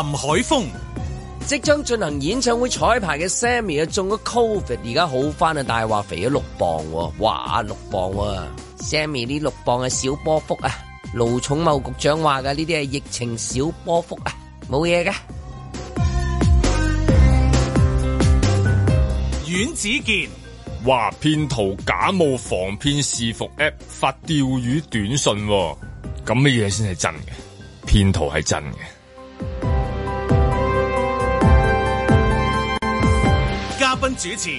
林海峰即將進行演唱會彩排嘅 Sammy 啊中咗 Covid 而家好返啊，大話肥咗六磅，哇六磅喎！Sammy 呢六磅係小波幅啊，盧寵茂局長話嘅呢啲係疫情小波幅啊，冇嘢嘅。阮子健，話騙徒假冒防騙視服 App 發釣魚短信，咁咩嘢先係真嘅？騙徒係真嘅。主持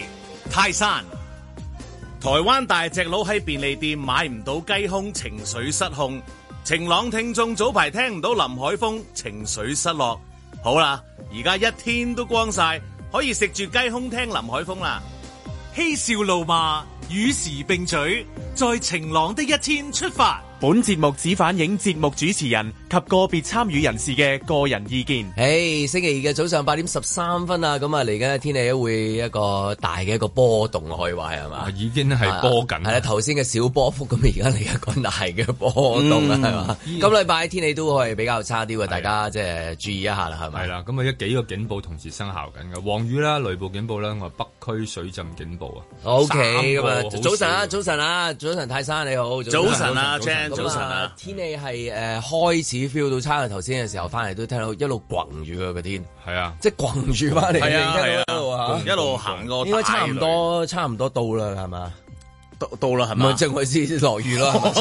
泰山，台灣大隻佬喺便利店買唔到雞胸，情緒失控。晴朗聽眾早排聽唔到林海峰，情緒失落。好啦，而家一天都光晒，可以食住雞胸聽林海峰啦。嬉笑怒罵，與時並取，在晴朗的一天出發。本節目只反映節目主持人及個別參與人士嘅個人意見。誒星期二嘅早上八點十三分啊，咁啊嚟緊天氣會一個大嘅一個波動可以話係嘛？已經係波緊。係啦，頭先嘅小波幅咁，而家嚟一個大嘅波動啦，係嘛？今禮拜天氣都係比較差啲嘅，大家即係注意一下啦，係咪？係啦，咁啊一幾個警報同時生效緊嘅，黃雨啦、雷暴警報啦，我北區水浸警報啊。OK，咁啊，早晨啊，早晨啊，早晨，泰山你好。早晨啊，Jan，早晨啊，天氣係誒開始。feel 到差啊！頭先嘅時候翻嚟都聽到一路滾住佢個天，係啊，即係滾住翻嚟，一路行過，應該差唔多，差唔多到啦，係嘛？到到啦，係咪？正話先落雨咯。我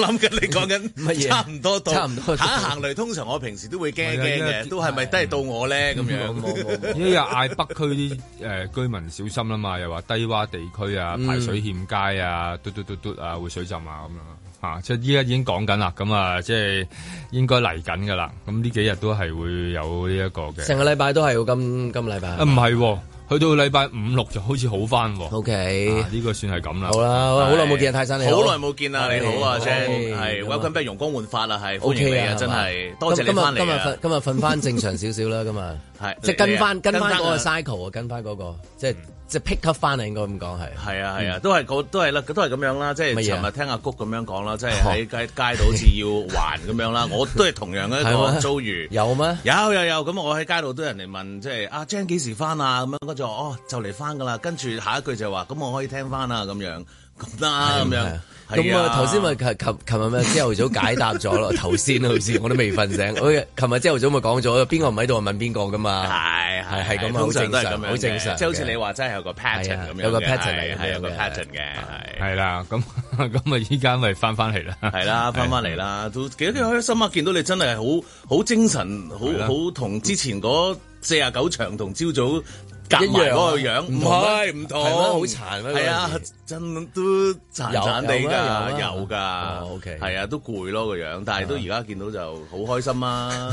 諗緊你講緊乜嘢？差唔多到，差唔多。行行嚟，通常我平時都會驚驚嘅，都係咪都係到我咧咁樣？呢日嗌北區啲誒居民小心啦嘛，又話低洼地區啊，排水欠佳啊，嘟嘟嘟嘟啊，會水浸啊咁樣。吓，即係依家已經講緊啦，咁啊，即係應該嚟緊噶啦，咁呢幾日都係會有呢一個嘅。成個禮拜都係今今個禮拜？唔係，去到禮拜五六就開始好翻。OK，呢個算係咁啦。好啦，好耐冇見啊，泰山你好，好耐冇見啦，你好啊，J，係，我今日容光煥發啦，係，OK，歡迎你啊，真係，多謝你今日今日瞓今日瞓翻正常少少啦，今日係，即係跟翻跟翻嗰個 cycle 啊，跟翻嗰個，即係。即係 pick up 翻嚟應該咁講係。係啊，係啊，嗯、都係都係啦，都係咁樣啦。即係尋日聽阿谷咁樣講啦，麼即係喺街街度好似要還咁樣啦。 我都係同樣一 個遭遇。嗎有咩嗎？有有有咁，我喺街度都有人嚟問，即係阿 Jean 幾時翻啊？咁樣跟住我哦，就嚟翻噶啦。跟住下一句就話，咁我可以聽翻啊咁樣，咁啦咁樣。的咁啊，頭先咪琴琴日咪朝頭早解答咗咯，頭先好似我都未瞓醒。好似琴日朝頭早咪講咗，邊個唔喺度問邊個噶嘛？係係係，咁好正常好正常。即好似你話真係有個 pattern 咁樣有個 pattern 嘅，有個 pattern 嘅。係啦，咁咁啊，依家咪翻翻嚟啦。係啦，翻翻嚟啦，都幾幾開心啊！見到你真係好好精神，好好，同之前嗰四十九場同朝早。夾埋嗰個樣唔係唔同，好殘啊！係啊，真都殘殘哋噶，有噶，OK，係啊，都攰咯個樣，但係都而家見到就好開心啊，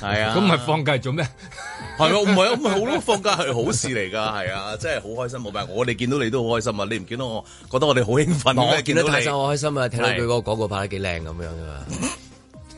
係啊。咁咪放假做咩？係咯，唔係啊，唔係好多放假係好事嚟噶，係啊，真係好開心。冇辦法，我哋見到你都好開心啊！你唔見到我，覺得我哋好興奮啊！見到你，睇晒我開心啊！睇到佢個廣告拍得幾靚咁樣啊！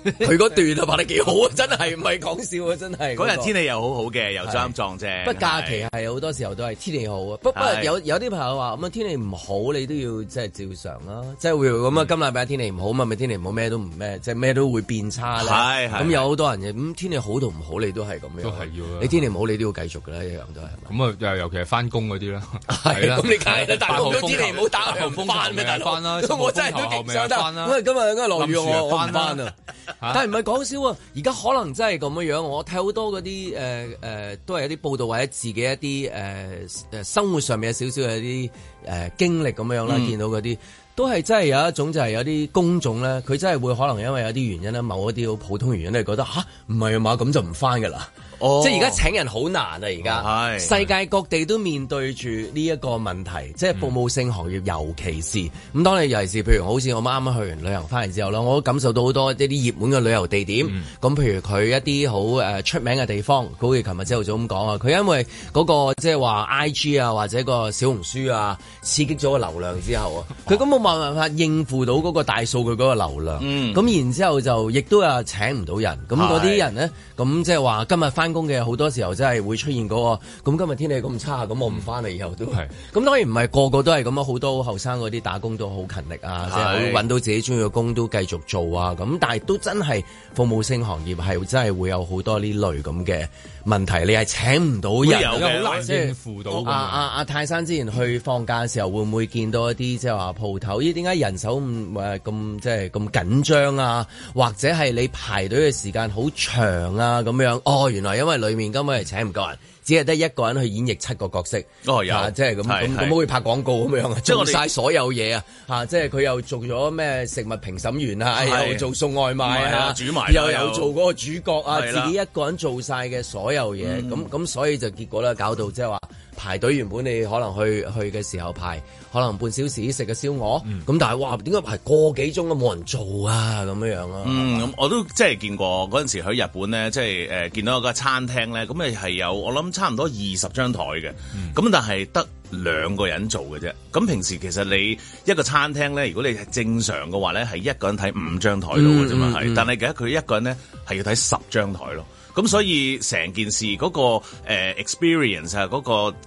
佢嗰段啊拍得幾好啊，真係唔係講笑啊，真係。嗰日天氣又好好嘅，又啱撞啫。不過假期係好多時候都係天氣好啊，不過有有啲朋友話咁啊，天氣唔好你都要即係照常啦，即係會咁啊。今禮拜天氣唔好嘛，咪天氣唔好咩都唔咩，即係咩都會變差啦。咁有好多人嘅，咁天氣好同唔好你都係咁樣。都係要你天氣唔好你都要繼續噶啦，一樣都係。咁啊，尤其係翻工嗰啲啦。係咁你梗係啦，大佬，天氣唔好打唔翻咩？大佬，我真係都頂唔翻今日應該落雨，我唔翻啊。但係唔係講笑啊？而家可能真係咁樣樣，我睇好多嗰啲誒誒，都係一啲報道或者自己一啲誒誒生活上面嘅少少一啲。誒、呃、經歷咁樣啦，見到嗰啲都係真係有一種就係、是、有啲工種咧，佢真係會可能因為有啲原因咧，某一啲好普通原因你覺得吓唔係啊嘛，咁就唔翻噶啦。哦、即係而家請人好難啊！而家、哎、世界各地都面對住呢一個問題，即係服務性行業、嗯、尤其是。咁當你尤其是譬如好似我啱啱去完旅行翻嚟之後啦，我都感受到好多一啲熱門嘅旅遊地點。咁、嗯、譬如佢一啲好出名嘅地方，好似琴日朝頭早咁講、那個、啊，佢因為嗰個即係話 I G 啊或者個小紅書啊。刺激咗個流量之後啊，佢根本冇辦法應付到嗰個大數據嗰個流量，咁、嗯、然之後就亦都係請唔到人，咁嗰啲人呢，咁是即係話今日翻工嘅好多時候真係會出現嗰、嗰個，咁今日天，天氣咁差，咁我唔翻嚟以後都係，咁是當然唔係個個都係咁啊，好多後生嗰啲打工都好勤力啊，即係搵到自己中意嘅工都繼續做啊，咁但係都真係服務性行業係真係會有好多呢類咁嘅問題，你係請唔到人，好難應付到啊啊啊！泰山之前去放假。時候會唔會見到一啲即係話鋪頭？咦，點解人手唔，誒咁即係咁緊張啊？或者係你排隊嘅時間好長啊？咁樣哦，原來因為裏面根本係請唔夠人，只係得一個人去演繹七個角色哦，有即係咁咁會拍廣告咁樣啊，做晒所有嘢啊吓！即係佢又做咗咩食物評審員啊，又做送外賣啊，煮埋又又做嗰個主角啊，自己一個人做晒嘅所有嘢，咁咁所以就結果咧，搞到即係話。排隊原本你可能去去嘅時候排可能半小時食個燒鵝，咁、嗯、但係哇點解排個幾鐘都冇人做啊咁樣樣啊？嗯，我都即係見過嗰陣時喺日本咧，即係誒見到一個餐廳咧，咁誒係有我諗差唔多二十張台嘅，咁、嗯、但係得兩個人做嘅啫。咁平時其實你一個餐廳咧，如果你係正常嘅話咧，係一個人睇五張台度嘅啫嘛，係，嗯嗯嗯、但係其實佢一個人咧係要睇十張台咯。咁所以成件事個誒 experience 啊，個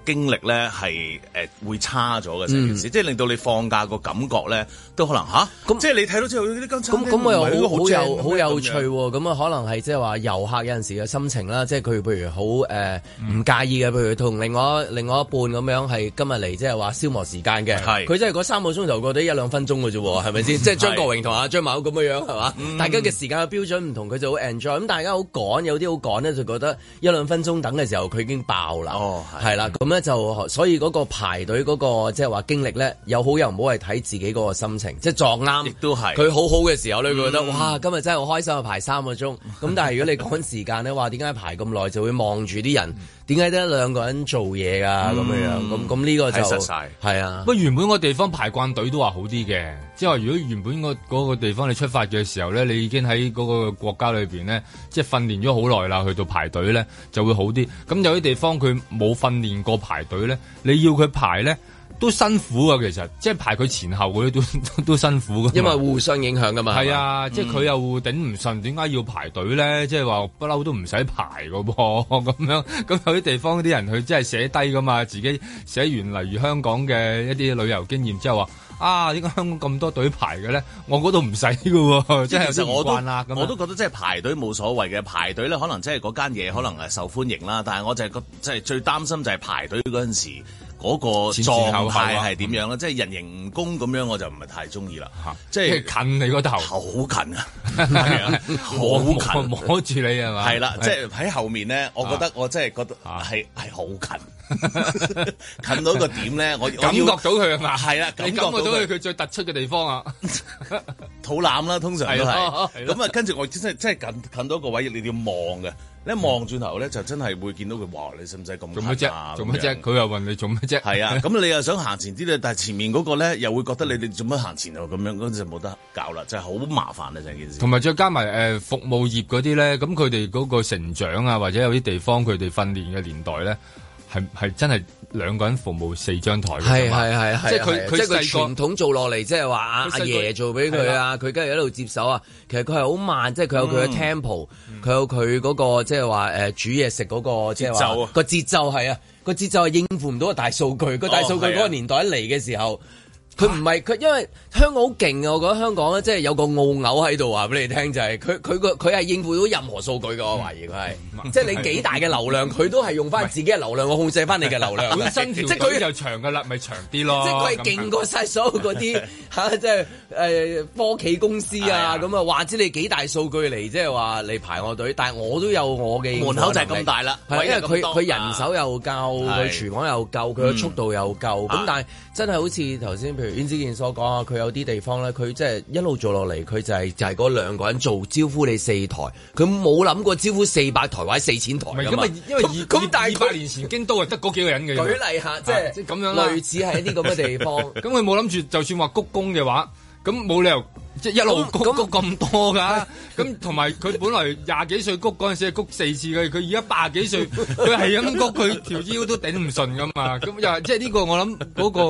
經歷咧係誒會差咗嘅成件事，即係令到你放假個感覺咧都可能吓咁、嗯啊。即係你睇到之後啲金咁咁我又好好有好有趣喎，咁、嗯、啊樣可能係即係話遊客有陣時嘅心情啦，即係佢譬如好誒唔介意嘅，譬如同另外另外一半咁樣係今日嚟即係話消磨時間嘅，係佢真係三個鐘頭過得一兩分鐘嘅啫係咪先？即係張國榮同阿張曼玉咁樣樣係嘛？大家嘅時間嘅標準唔同，佢就好 enjoy，咁大家好趕有啲講咧就覺得一兩分鐘等嘅時候佢已經爆啦，係啦、哦，咁咧、嗯、就所以嗰個排隊嗰、嗰個即係話經歷咧有好有唔好，係睇自己嗰個心情，即係撞啱，亦都係佢好好嘅時候咧，佢、嗯、覺得哇，今日真係好開心啊排三個鐘，咁、嗯、但係如果你趕時間咧，話點解排咁耐，就會望住啲人。嗯點解得兩個人做嘢㗎咁樣？咁咁呢個就係啊！不過原本個地方排慣隊都話好啲嘅，即係話如果原本嗰個地方你出發嘅時候咧，你已經喺嗰個國家裏面咧，即係訓練咗好耐啦，去到排隊咧就會好啲。咁有啲地方佢冇訓練過排隊咧，你要佢排咧。都辛苦啊，其實即係排佢前後嗰啲都都辛苦噶嘛。因為互相影響噶嘛。係啊，即係佢又頂唔順，點解要排隊咧？即係話不嬲都唔使排噶噃，咁樣咁有啲地方啲人佢真係寫低噶嘛，自己寫完，例如香港嘅一啲旅遊經驗之後話啊，點解香港咁多隊排嘅咧？我嗰度唔使噶，即係其實我，我都我都覺得即係排隊冇所謂嘅，排隊咧可能即係嗰間嘢可能係受歡迎啦，嗯、但係我就係即係最擔心就係排隊嗰陣時。嗰個狀態係點樣咧？即係、啊、人形蜈蚣咁樣，我就唔係太中意啦。啊、即係是近你個頭，好近啊！係 啊，好近，我我摸住你係嘛？係啦了，欸、即係喺後面咧，我覺得、啊、我真係覺得係係好近。 近到一個點咧，我感覺到佢啊嘛，係啦，感覺到佢佢最突出嘅地方啊， 肚腩啦、啊，通常係係咁啊。跟住我真係真係近近到一個位，你要望嘅。你一望轉頭咧，就真係會見到佢。哇！你使唔使咁做乜啫？做乜啫？佢又問你做乜啫？係啊，咁的 你又想行前啲咧，但係前面嗰個咧又會覺得你哋做乜行前度咁樣，嗰陣就冇得搞啦，真係好麻煩啊！就件事，同埋再加埋誒、呃、服務業嗰啲咧，咁佢哋嗰個成長啊，或者有啲地方佢哋訓練嘅年代咧。係係真係兩個人服務四張台，係係係，即係佢佢傳統做落嚟，即係話阿阿爺做俾佢啊，佢跟住喺度接手啊。其實佢係好慢，即係佢有佢嘅 tempo，佢有佢嗰個即係話誒煮嘢食嗰個即係話個節奏係啊，個節奏係應付唔到個大數據個大數據嗰個年代嚟嘅時候。佢唔係佢，因為香港好勁啊！我覺得香港咧，即係有個澳牛喺度話俾你聽，就係佢佢個佢係應付到任何數據㗎。我懷疑佢係，即係你幾大嘅流量，佢都係用翻自己嘅流量，我控制翻你嘅流量。本身條隊就長㗎啦，咪長啲咯。即係佢係勁過曬所有嗰啲即係誒科技公司啊咁啊，話知你幾大數據嚟，即係話你排我隊。但係我都有我嘅門口就係咁大啦，係因為佢佢人手又夠，佢廚房又夠，佢嘅速度又夠。咁但係真係好似頭先譬如袁子健所講啊，佢有啲地方咧，佢即係一路做落嚟，佢就係、是、就係、是、嗰兩個人做招呼你四台，佢冇諗過招呼四百台或者四千台。咁啊，因為二百年前京都係得嗰幾個人嘅。 舉例下，即係咁樣啦，類似係一啲咁嘅地方。咁佢冇諗住，就算話鞠躬嘅話，咁冇理由。即係一路谷谷咁多噶，咁同埋佢本嚟廿幾歲谷嗰陣時係谷四次嘅，佢而家八十幾歲，佢係咁谷，佢條腰都頂唔順噶嘛。咁又係即係呢個我諗嗰個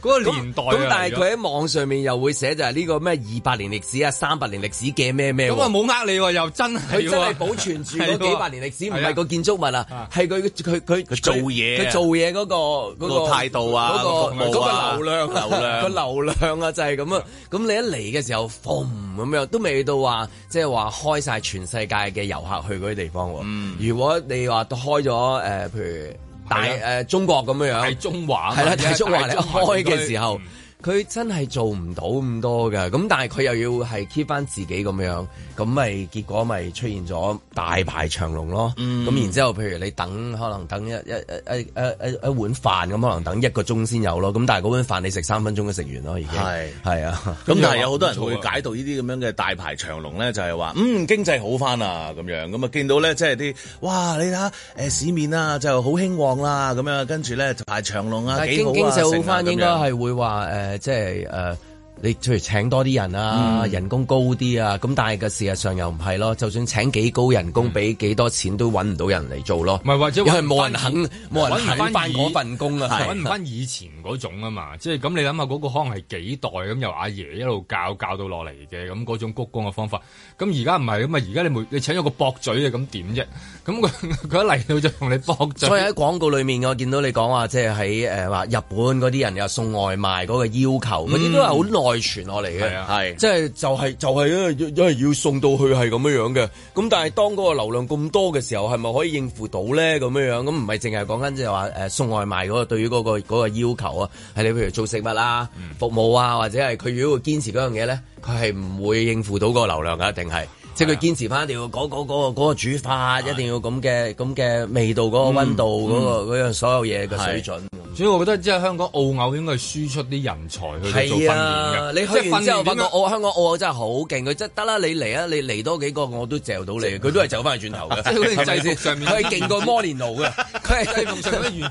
嗰個年代啊。咁但係佢喺網上面又會寫就係呢個咩二百年歷史啊，三百年歷史嘅咩咩喎。咁啊冇呃你喎，又真。佢真係保存住嗰幾百年歷史，唔係個建築物啊，係佢佢佢做嘢，佢做嘢嗰個嗰個態度啊，嗰個嗰個流量流量個流量啊就係咁啊。咁你一嚟嘅時候。咁樣、嗯、都未到話，即係話開晒全世界嘅遊客去嗰啲地方。喎、嗯。如果你話都開咗、呃、譬如大的、呃、中國咁樣樣，係中，中華，係啦，中華咧開嘅時候。應該應該嗯佢真係做唔到咁多㗎。咁但係佢又要係 keep 翻自己咁樣，咁咪結果咪出現咗大排長龍咯。咁、嗯、然之後，譬如你等，可能等一一一一一一一碗飯咁，可能等一個鐘先有咯。咁但係嗰碗飯你食三分鐘都食完咯，是已經係啊。咁但係有好多人會解讀呢啲咁樣嘅大排長龍咧，就係、是、話嗯經濟好翻啊咁樣，咁啊見到咧即係啲哇你睇下誒市面啊就好興旺啦、啊、咁樣，跟住咧就排長龍啊幾經好經濟好翻應該係會話誒即誒。你譬如請多啲人啊，人工高啲啊，咁但係個事實上又唔係咯。就算請幾高人工，俾幾、嗯、多錢都揾唔到人嚟做咯。唔係或者係冇人肯，冇人肯返翻嗰份工啦，揾唔翻以前嗰種啊嘛。 即係咁你諗下嗰個可能係幾代咁由阿爺一路教教到落嚟嘅咁嗰種鞠躬嘅方法。咁而家唔係咁啊！而家你沒你請咗個駁嘴啊咁點啫？咁佢一嚟到就同你駁嘴。所以喺廣告裏面我見到你講話，即係喺、呃、日本嗰啲人又送外賣嗰個要求，啲都係好外傳落嚟嘅，係即係就係就係咧，因為要送到去係咁樣樣嘅。咁但係當嗰個流量咁多嘅時候，係咪可以應付到咧？咁樣樣咁唔係淨係講緊即係話誒送外賣嗰個對於嗰個嗰個要求啊？係你譬如做食物啊、服務啊，或者係佢如果會堅持嗰樣嘢咧，佢係唔會應付到個流量噶，定係？即係佢堅持翻一定要嗰個嗰個煮法，一定要咁嘅咁嘅味道，嗰個溫度，嗰個嗰樣所有嘢嘅水準。所以我覺得即係香港澳牛應該係輸出啲人才去做訓練嘅。你去完之後發覺，香港澳牛真係好勁，佢真得啦！你嚟啊，你嚟多幾個我都嚼到你，佢都係走翻去轉頭嘅。即佢係勁過摩連奴嘅，佢係佢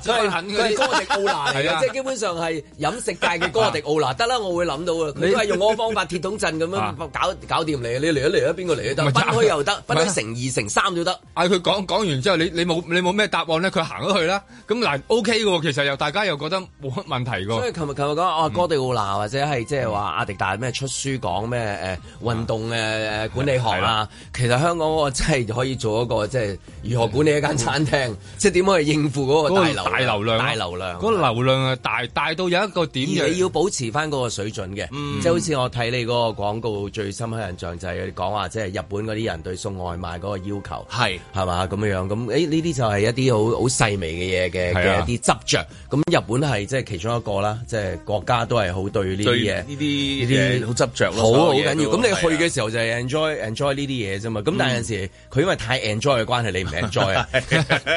係佢係哥迪奧拿嚟嘅，即係基本上係飲食界嘅哥迪奧拿。得啦，我會諗到啊！佢係用我方法鐵桶陣咁樣搞搞掂你，你嚟啊嚟啊，邊個嚟？不分開又得，分開乘二乘三都得。唉，佢講講完之後，你你冇你冇咩答案咧？佢行咗去啦。咁嗱，OK 嘅喎。其實又大家又覺得冇乜問題喎。所以琴日琴日講啊，哥迪奧拿或者係即係話阿迪達咩出書講咩誒運動管理學啦。其實香港真係可以做一個即係如何管理一間餐廳，即係點樣去應付嗰個大流大流量大流量嗰個流量啊！大大到有一個點你要保持翻嗰個水準嘅，即好似我睇你嗰個廣告最深刻印象就係你講話即係日本嗰啲人對送外賣嗰個要求係係嘛咁樣，咁誒呢啲就係一啲好好細微嘅嘢嘅嘅一啲執着，咁日本係即係其中一個啦，即係國家都係好對呢啲嘢呢啲呢啲好執着咯，好緊要。咁你去嘅時候就係 enjoy enjoy 呢啲嘢啫嘛。咁但係有時佢因為太 enjoy 嘅關係，你唔 enjoy，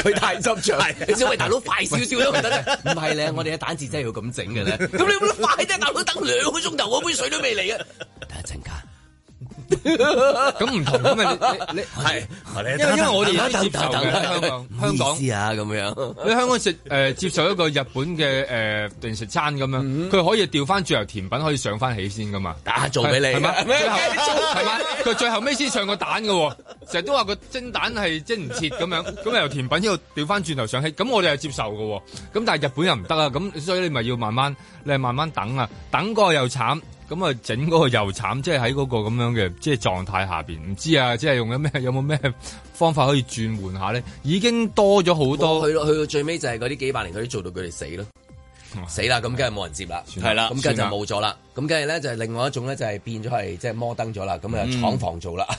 佢太執着，你叫喂，大佬快少少都唔得嘅。唔係咧，我哋嘅蛋治真係要咁整嘅咧。咁你咁樣快啲，大佬等兩個鐘頭，我杯水都未嚟啊！等一陣間。咁唔同啊你，係，因因為我哋有接受嘅，等香港，香港啊咁樣，你香港食誒、呃、接受一個日本嘅誒、呃、定食餐咁樣，佢、嗯、可以調翻轉由甜品可以上翻起先噶嘛，打做俾你、啊，係咪？佢麼最後尾先、啊、上個蛋嘅、哦，成日都話個蒸蛋係蒸唔切咁樣，咁由甜品呢度調翻轉頭上起，咁我哋係接受嘅、哦，咁但係日本又唔得啦，咁所以你咪要慢慢，你係慢慢等啊，等過又慘。咁啊，整個油產，即係喺嗰個咁樣嘅即係狀態下邊，唔知啊，即係用緊咩，有冇咩方法可以轉換下咧？已經多咗好多，去到去到最尾就係嗰啲幾百年佢都做到佢哋死咯，啊、死啦，咁梗係冇人接啦，係啦，咁梗係就冇咗啦。咁梗係咧，就係另外一種咧，就係變咗係即係摩登咗啦，咁啊廠房做啦，啊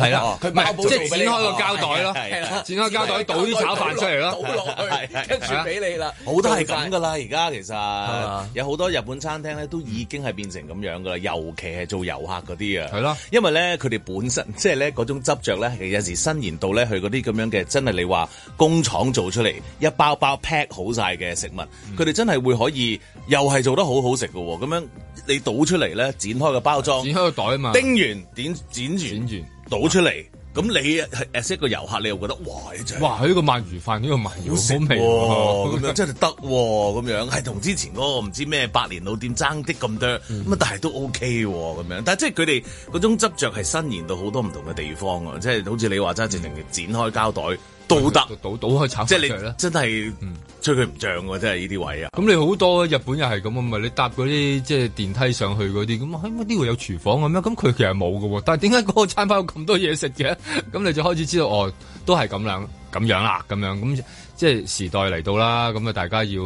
係啦，佢即係剪開個膠袋咯，剪開膠袋倒啲炒飯出嚟咯，倒落去，跟住俾你啦，好多係咁噶啦，而家其實有好多日本餐廳咧，都已經係變成咁樣噶啦，尤其係做遊客嗰啲啊，係咯，因為咧佢哋本身即係咧嗰種執著咧，有時伸延到咧去嗰啲咁樣嘅真係你話工廠做出嚟一包包 pack 好晒嘅食物，佢哋真係會可以又係做得好好食嘅喎，咁樣你。倒出嚟咧，剪開個包裝，剪開個袋啊嘛，叮完，剪剪完，倒出嚟。咁你係誒一個遊客，你又覺得哇，呢隻，呢個鰻魚飯，呢個鰻魚好味喎，咁樣真係得喎，咁樣係同之前嗰個唔知咩百年老店爭啲咁多，咁啊但係都 OK 喎，咁樣，但係即係佢哋嗰種執著係伸延到好多唔同嘅地方啊，即係好似你話齋，直情剪開膠袋。到達賭賭即係你去真係、啊，嗯，追佢唔漲喎，真係呢啲位啊。咁你好多日本又係咁啊嘛，你搭嗰啲即係電梯上去嗰啲，咁啊，呢、欸、度有廚房嘅咩？咁佢其實冇喎。但係點解嗰個餐牌有咁多嘢食嘅？咁你就開始知道，哦，都係咁樣，咁樣啦、啊，咁樣，咁即係時代嚟到啦，咁啊，大家要。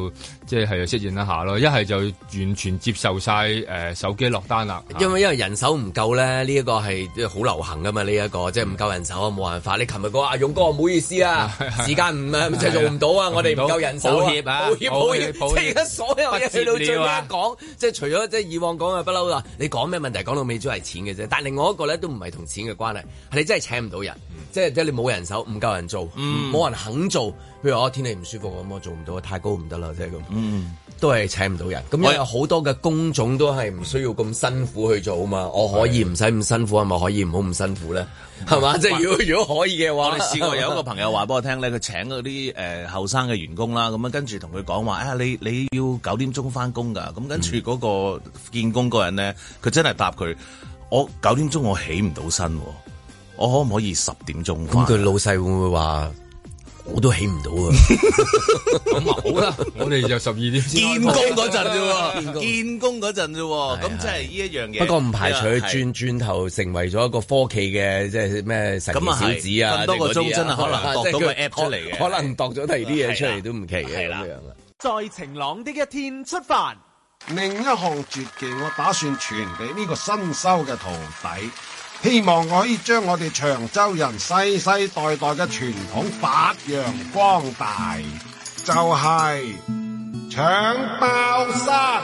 即係適應一下咯，一係就完全接受晒誒手機落單啦。因為因為人手唔夠咧，呢一個係好流行噶嘛。呢一個即係唔夠人手啊，冇辦法。你琴日嗰個阿勇哥，唔好意思啊，時間唔啊，即係用唔到啊。我哋唔夠人手啊。抱歉啊，抱歉，抱歉，即係而家所有嘢喺度，最屘講，即係除咗即係以往講嘅不嬲啦。你講咩問題？講到尾最係錢嘅啫。但係另外一個咧，都唔係同錢嘅關係，係你真係請唔到人，即係即係你冇人手，唔夠人做，冇人肯做。譬如我天氣唔舒服咁，我做唔到，太高唔得啦，即係咁。嗯，都係請唔到人。我有好多嘅工種都係唔需要咁辛苦去做啊嘛。我可以唔使咁辛苦，係咪可以唔好咁辛苦咧？係嘛、嗯，即係如果如果可以嘅話，我試過有一個朋友話俾我聽咧，佢吧請嗰啲誒後生嘅員工啦，咁跟住同佢講話啊，你你要九點鐘翻工噶咁跟住嗰個見工個人咧，佢真係答佢，我九點鐘我起唔到身，我可唔可以十點鐘？咁佢老細會唔會話？我都起唔到啊！咁好啦，我哋就十二點先。見工嗰陣啫， 見工嗰陣啫，咁即係呢一樣嘢。是是不過唔排除佢轉轉頭成為咗一個科技嘅，即係咩神啊小子啊？咁多個鐘真係可能度到個 app 出嚟，啊就是，可能度咗第二啲嘢出嚟都唔奇嘅咁樣樣。在晴朗的一天出發，另一項絕技我打算傳俾呢個新收嘅徒弟。希望可以將我哋長洲人世世代代嘅傳統發揚光大，就係搶包山。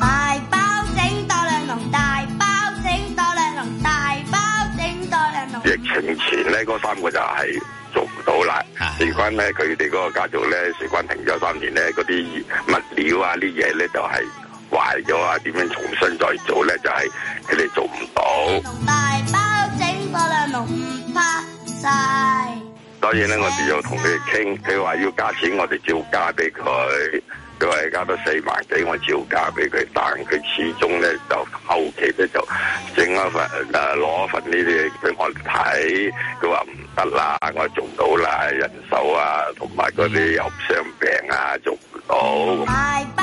大包整多兩籠，大包整多兩籠，大包整多兩籠。疫情前咧，嗰三個就係做唔到啦。事關咧，佢哋嗰個家族咧，事關停咗三年咧，嗰啲物料啊啲嘢咧就係、是。壞咗啊！點樣重新再做咧？就係佢哋做唔到。大包整過兩籠唔發晒。當然咧，我哋又同佢哋傾，佢話要價錢，我哋照價俾佢。佢話而家都四萬幾，我照價俾佢。但佢始終咧就後期咧就整一份啊，攞一份呢啲俾我哋睇。佢話唔得啦，我做到啦，人手啊，同埋嗰啲有傷病啊，做唔到。大包。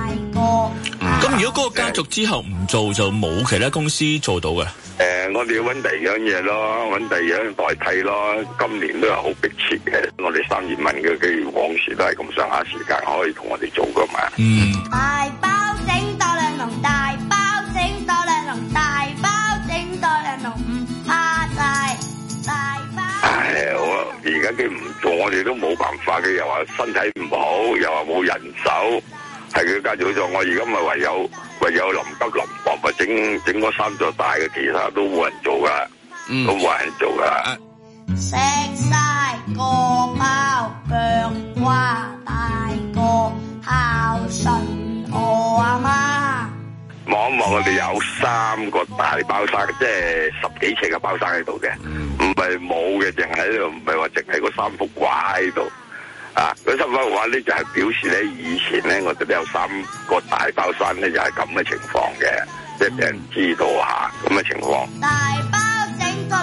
如果嗰個家族之後唔做，就冇其他公司做到嘅。誒、呃，我哋要揾第二樣嘢咯，揾第二樣代替咯。今年都係好迫切嘅，我哋三月問嘅，佢往時都係咁上下時間可以同我哋做噶嘛、嗯。大包整多兩籠，大包整多兩籠，大包整多兩籠，唔怕晒大包。係我而家佢唔做，我哋都冇辦法嘅。又話身體唔好，又話冇人手。係佢家族做，我而家咪唯有唯有臨急臨忙咪整整嗰三座大嘅，其他都冇人做㗎，都冇人做㗎。食曬個包，腳瓜大個孝順我阿媽。望一望，我哋有三個大包山，即係十幾尺嘅包山喺度嘅，唔係冇嘅，淨喺度，唔係話淨係嗰三幅怪喺度。啊！佢新聞嘅話咧，就係表示咧，以前咧我哋有三個大包山咧，就係咁嘅情況嘅，即係俾人知道下咁嘅情況。大包整多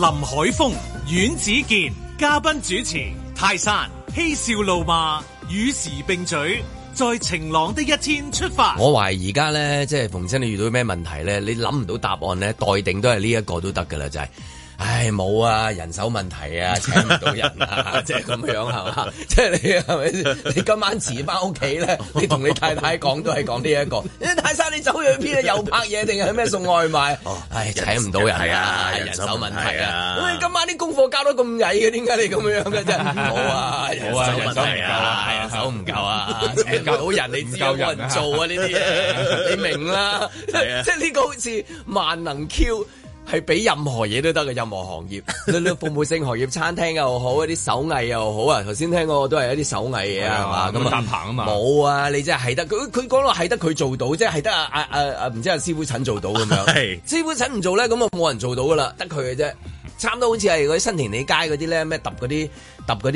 林海峰、阮子健嘉賓主持，泰山嬉笑怒罵，與時並舉，在晴朗的一天出發。我懷疑而家咧，即係逢親你遇到咩問題咧，你諗唔到答案咧，待定都係呢一個都得噶啦，就係、是。唉，冇啊，人手問題啊，請唔到人啊，即係咁樣係嘛？即係你係咪？你今晚遲翻屋企咧，你同你太太講都係講呢一個。太生你走咗去邊啊？又拍嘢定係咩送外賣？唉，請唔到人啊，人手問題啊。喂，今晚啲功課交得咁矮嘅，點解你咁樣嘅？真係唔好啊，人手問題啊，人手唔夠啊，請唔到人，你唔有人做啊？呢啲你明啦，即係即係呢個好似萬能 Q。係俾任何嘢都得嘅，任何行業，你你服務性行業，餐廳又好，一啲手藝又好啊！頭先聽過都係一啲手藝嘢係嘛？咁啊，搭棚啊嘛？冇啊！你真係得佢，佢講話係得佢做到，即係得啊。阿阿唔知阿師傅陳做到咁樣。師傅陳唔做咧，咁啊冇人做到噶啦，得佢嘅啫。差唔多好似係嗰啲新田李街嗰啲咧，咩揼嗰啲揼嗰啲誒，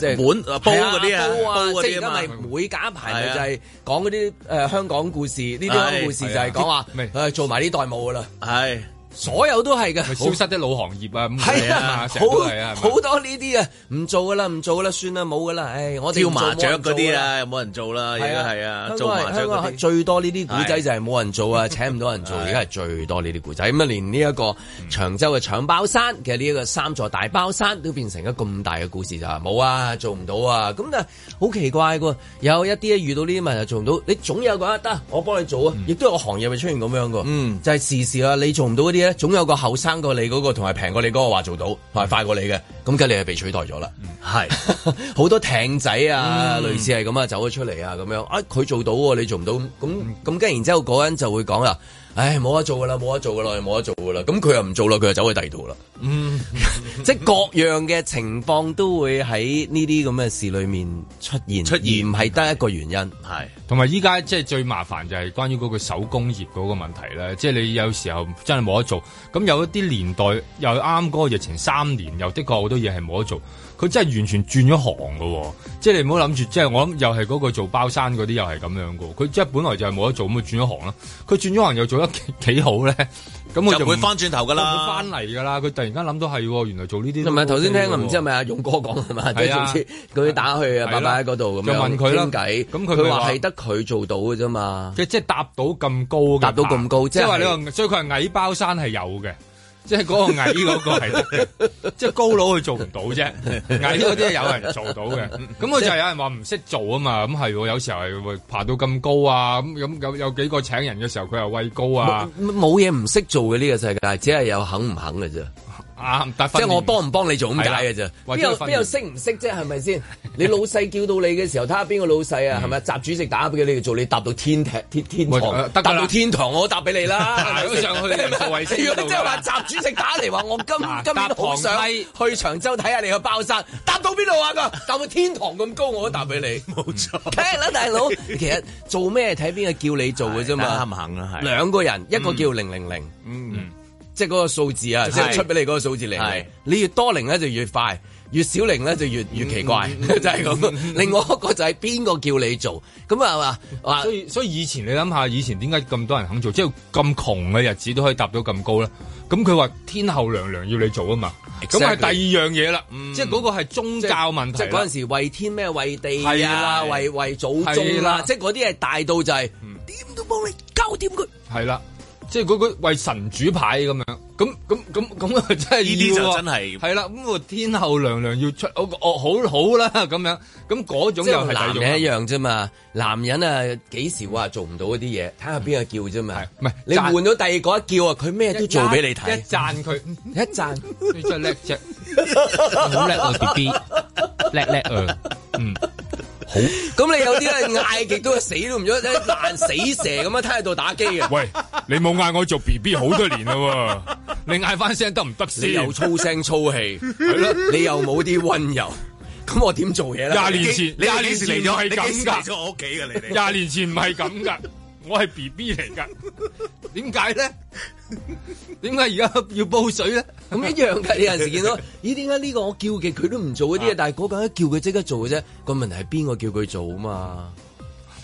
即係碗煲嗰啲啊，即係而家咪每家排就係講嗰啲誒香港故事。呢啲香港故事就係講話做埋啲代母噶啦，係。所有都係嘅，消失啲老行業啊，係啊，好多呢啲啊，唔做噶啦，唔做㗎啦，算啦，冇噶啦，我哋跳麻雀嗰啲啊，冇人做啦，而家係啊，香港香最多呢啲古仔就係冇人做啊，請唔到人做，而家係最多呢啲古仔，咁啊，連呢一個長洲嘅搶包山，其實呢一個三座大包山都變成咗咁大嘅故事就係冇啊，做唔到啊，咁但係好奇怪喎，有一啲遇到呢啲問題做唔到，你總有噶啦，得我幫你做啊，亦都有行業咪出現咁樣噶，就係時時啊，你做唔到嗰啲。總有個後生過你嗰個，同埋平過你嗰個話做到，同埋快過你嘅，咁梗你係被取代咗啦。係好、嗯、是 多艇仔啊，嗯、類似係咁啊，走咗出嚟啊，咁樣啊，佢做到，你做唔到，咁咁跟然之後嗰個人就會講啦。唉，冇得做噶啦，冇得做噶啦，冇得做噶啦。咁佢又唔做啦，佢又走去第二度啦。嗯， 即係各樣嘅情況都會喺呢啲咁嘅事裏面出現，出現唔係得一個原因，係同埋依家即係最麻煩就係關於嗰個手工業嗰個問題啦。即係你有時候真係冇得做，咁有一啲年代又啱嗰個疫情三年，又的確好多嘢係冇得做。佢真係完全轉咗行嘅，即係你唔好諗住，即係我諗又係嗰個做包山嗰啲又係咁樣嘅。佢即係本來就係冇得做，咁就轉咗行啦。佢轉咗行又做得幾好咧，咁佢就，就會翻轉頭噶啦，翻嚟噶啦。佢突然間諗到係，原來做呢啲。同埋頭先聽唔知係咪阿勇哥講係咪？係啊，佢打去啊，擺擺喺嗰度咁佢傾偈。咁佢話係得佢做到嘅啫嘛。即係即係搭到咁高，高，搭到咁高，即係話你話，所以佢矮包山係有嘅。即係嗰個矮嗰個係， 即係高佬佢做唔到啫， 矮嗰啲係有人做到嘅，咁佢 就有人話唔識做啊嘛，咁係、啊，有時候係會爬到咁高啊，咁咁有有幾個請人嘅時候佢又畏高啊，冇嘢唔識做嘅呢，這個世界，只係有肯唔肯嘅啫。即係我幫唔幫你做咁解嘅啫，邊有邊有識唔識啫？係咪先？你老細叫到你嘅時候，睇下邊個老細啊？係咪習主席打俾你嚟做？你搭到天台天天堂，搭到天堂我都答俾你啦，爬都上去。如果即係話習主席打嚟話我今今日爬上，去長洲睇下你個包山，搭到邊度啊？個搭到天堂咁高我都答俾你，冇錯。睇啦，大佬，其實做咩睇邊個叫你做嘅啫嘛？肯唔肯啦？係兩個人，一個叫零零零，嗯。即係嗰個數字啊，即係出俾你嗰個數字嚟。你越多零咧就越快，越少零咧就越越奇怪，就係咁。另外一個就係邊個叫你做，咁啊嘛。所以所以以前你諗下，以前點解咁多人肯做，即係咁窮嘅日子都可以達到咁高啦。咁佢話天后娘娘要你做啊嘛。咁係第二樣嘢啦，即係嗰個係宗教問題。即係嗰陣時為天咩為地啊，為為祖宗啦。即係嗰啲係大道就係點都幫你交掂佢。係啦。即係嗰個為神主牌咁樣，咁咁咁咁啊，真係呢啲就真係係啦，咁天后娘娘要出哦，哦，好好啦咁樣，咁嗰種又係男人一樣啫嘛，男人啊幾時話做唔到嗰啲嘢，睇下邊個叫啫嘛，唔係你換到第二個一叫啊，佢咩都做俾你睇，一贊佢一贊，你真叻只，好叻啊 B B，叻叻啊，嗯。好，咁你有啲咧嗌極都係死都唔咗，爛死蛇咁樣喺度打機嘅。喂，你冇嗌我做 B B 好多年啦，你嗌翻聲得唔得？你又粗聲粗氣，係咯，你又冇啲溫柔，咁我點做嘢咧？廿年前，你廿年前嚟咗，係咁噶，嚟我屋企嘅你哋。廿年前唔係咁噶。我係 B B 嚟噶，點解咧？點解而家要煲水咧？咁一樣噶，你有陣時見到咦？點解呢個我叫嘅，佢都唔做嗰啲嘢，的但係嗰陣一叫佢即刻做嘅啫。個問題係邊個叫佢做啊？嘛？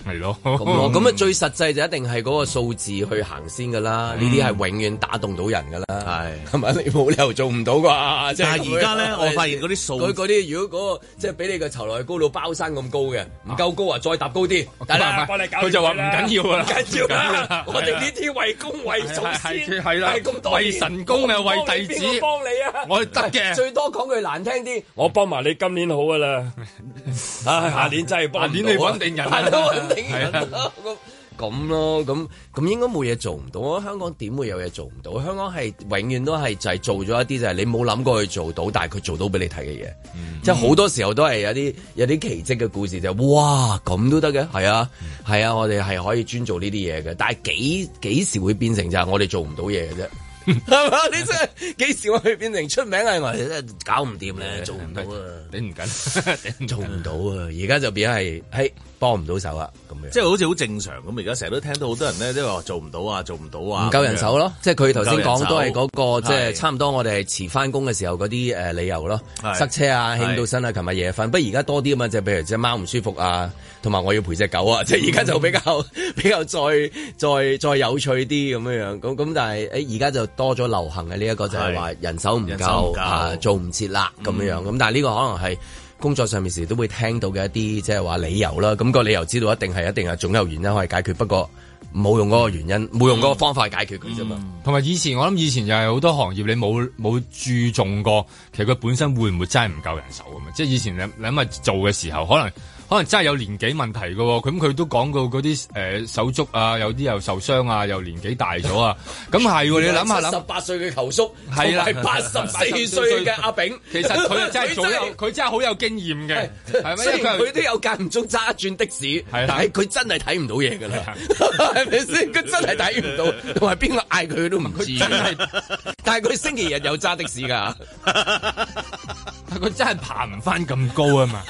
係咯，咁咯，咁啊最實際就一定係嗰個數字去行先噶啦，呢啲係永遠打動到人噶啦，係咁咪你冇理由做唔到㗎。即係而家咧，我發現嗰啲數佢嗰啲，如果嗰個即係俾你個酬勞高到包山咁高嘅，唔夠高啊，再搭高啲，但係佢就話唔緊要噶啦，唔緊要啦，我哋呢啲為公為眾先，係啦為神功啊，為弟子，我得嘅，最多講句難聽啲，我幫埋你今年好噶啦，啊下年真係下年你揾定人。咁咁、啊啊啊、咯，咁、啊、咁、嗯嗯啊嗯啊、應該冇嘢做唔到。香港點會有嘢做唔到？香港係永遠都係就係做咗一啲就係你冇諗過去做到，但係佢做到俾你睇嘅嘢。嗯、即係好多時候都係有啲有啲奇蹟嘅故事就係「哇咁都得嘅，係啊係啊，我哋係可以專做呢啲嘢嘅。但係幾、嗯、幾時會變成就係我哋做唔到嘢嘅啫？係嘛呵？你真係幾時我去變成出名係咪？真係搞唔掂咧，做唔到啊！你唔緊，哈哈做唔到啊！而家就變咗係係。幫唔到手啦、啊，咁樣即係好似好正常咁。而家成日都聽到好多人咧，即係話做唔到啊，做唔到啊，唔夠人手咯、啊。樣即係佢頭先講都係嗰、那個，即係差唔多我哋遲翻工嘅時候嗰啲、呃、理由咯，是塞車啊，是興到身啊，琴日夜瞓。不過而家多啲啊嘛，即係譬如隻貓唔舒服啊，同埋我要陪隻狗啊，即係而家就比較、嗯、比較再再再有趣啲咁樣樣。咁咁但係而家就多咗流行嘅呢一個就係話人手唔夠，手夠啊，做唔切啦咁樣樣。咁、嗯、但係呢個可能係。工作上面時都會聽到嘅一啲即係話理由啦，咁、個理由知道一定係一定係總有原因可以解決，不過冇用嗰個原因，冇、嗯、用嗰個方法解決佢啫嘛。同埋、嗯嗯、以前我諗以前又係好多行業你冇冇注重過，其實佢本身會唔會真係唔夠人手咁嘛，即係以前你諗埋做嘅時候可能。可能真係有年紀問題嘅，咁佢都講過嗰啲誒手足啊，有啲又受傷啊，又年紀大咗啊，咁係你諗下諗，七十八歲嘅球叔係八十四歲嘅阿炳，其實佢真係好有佢真係好有經驗嘅，所以佢都有間唔中揸轉的士，但係佢真係睇唔到嘢噶啦，係咪先？佢真係睇唔到，同埋邊個嗌佢都唔知，但係佢星期日有揸的士噶，佢真係爬唔翻咁高啊嘛。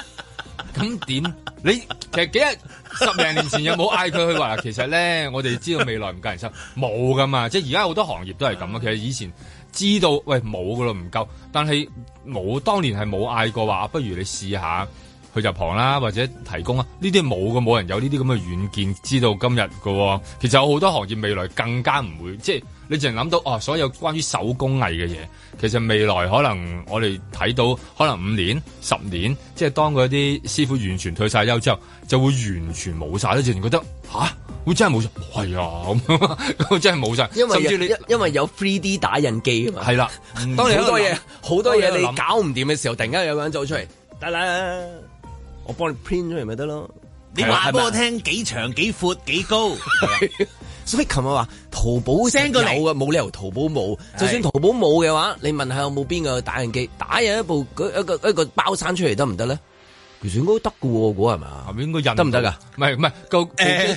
咁點？你其實幾日十零年前有冇嗌佢去話？其實咧，我哋知道未來唔夠人手，冇噶嘛。即係而家好多行業都係咁啊。其實以前知道，喂冇噶喇，唔夠。但係我當年係冇嗌過話，不如你試下去入行啦，或者提供啊。呢啲冇㗎，冇人有呢啲咁嘅軟件知道今日噶。其實有好多行業未來更加唔會，即係。你淨係諗到哦、啊？所有關於手工藝嘅嘢，其實未來可能我哋睇到，可能五年、十年，即係當嗰啲師傅完全退晒休之後，就會完全冇晒啦。淨係覺得吓，會真係冇晒，係啊，咁 真係冇晒，因為甚至你因為，因為有 3D 打印機啊嘛，係啦了，嗯、當然好多嘢，好多嘢你搞唔掂嘅時候，突然間有個人走出嚟，得啦，我幫你 print 出嚟咪得咯。了你話俾我聽幾長、幾闊、幾高。了 所以琴日話淘寶聲過嚟，冇理由淘寶冇。就算淘寶冇嘅話，你問下有冇邊個打印機打有一部一個一個包生出嚟得唔得咧？其實應該得㗎喎，嗰係咪？係咪應該得唔得㗎？唔係唔係夠，部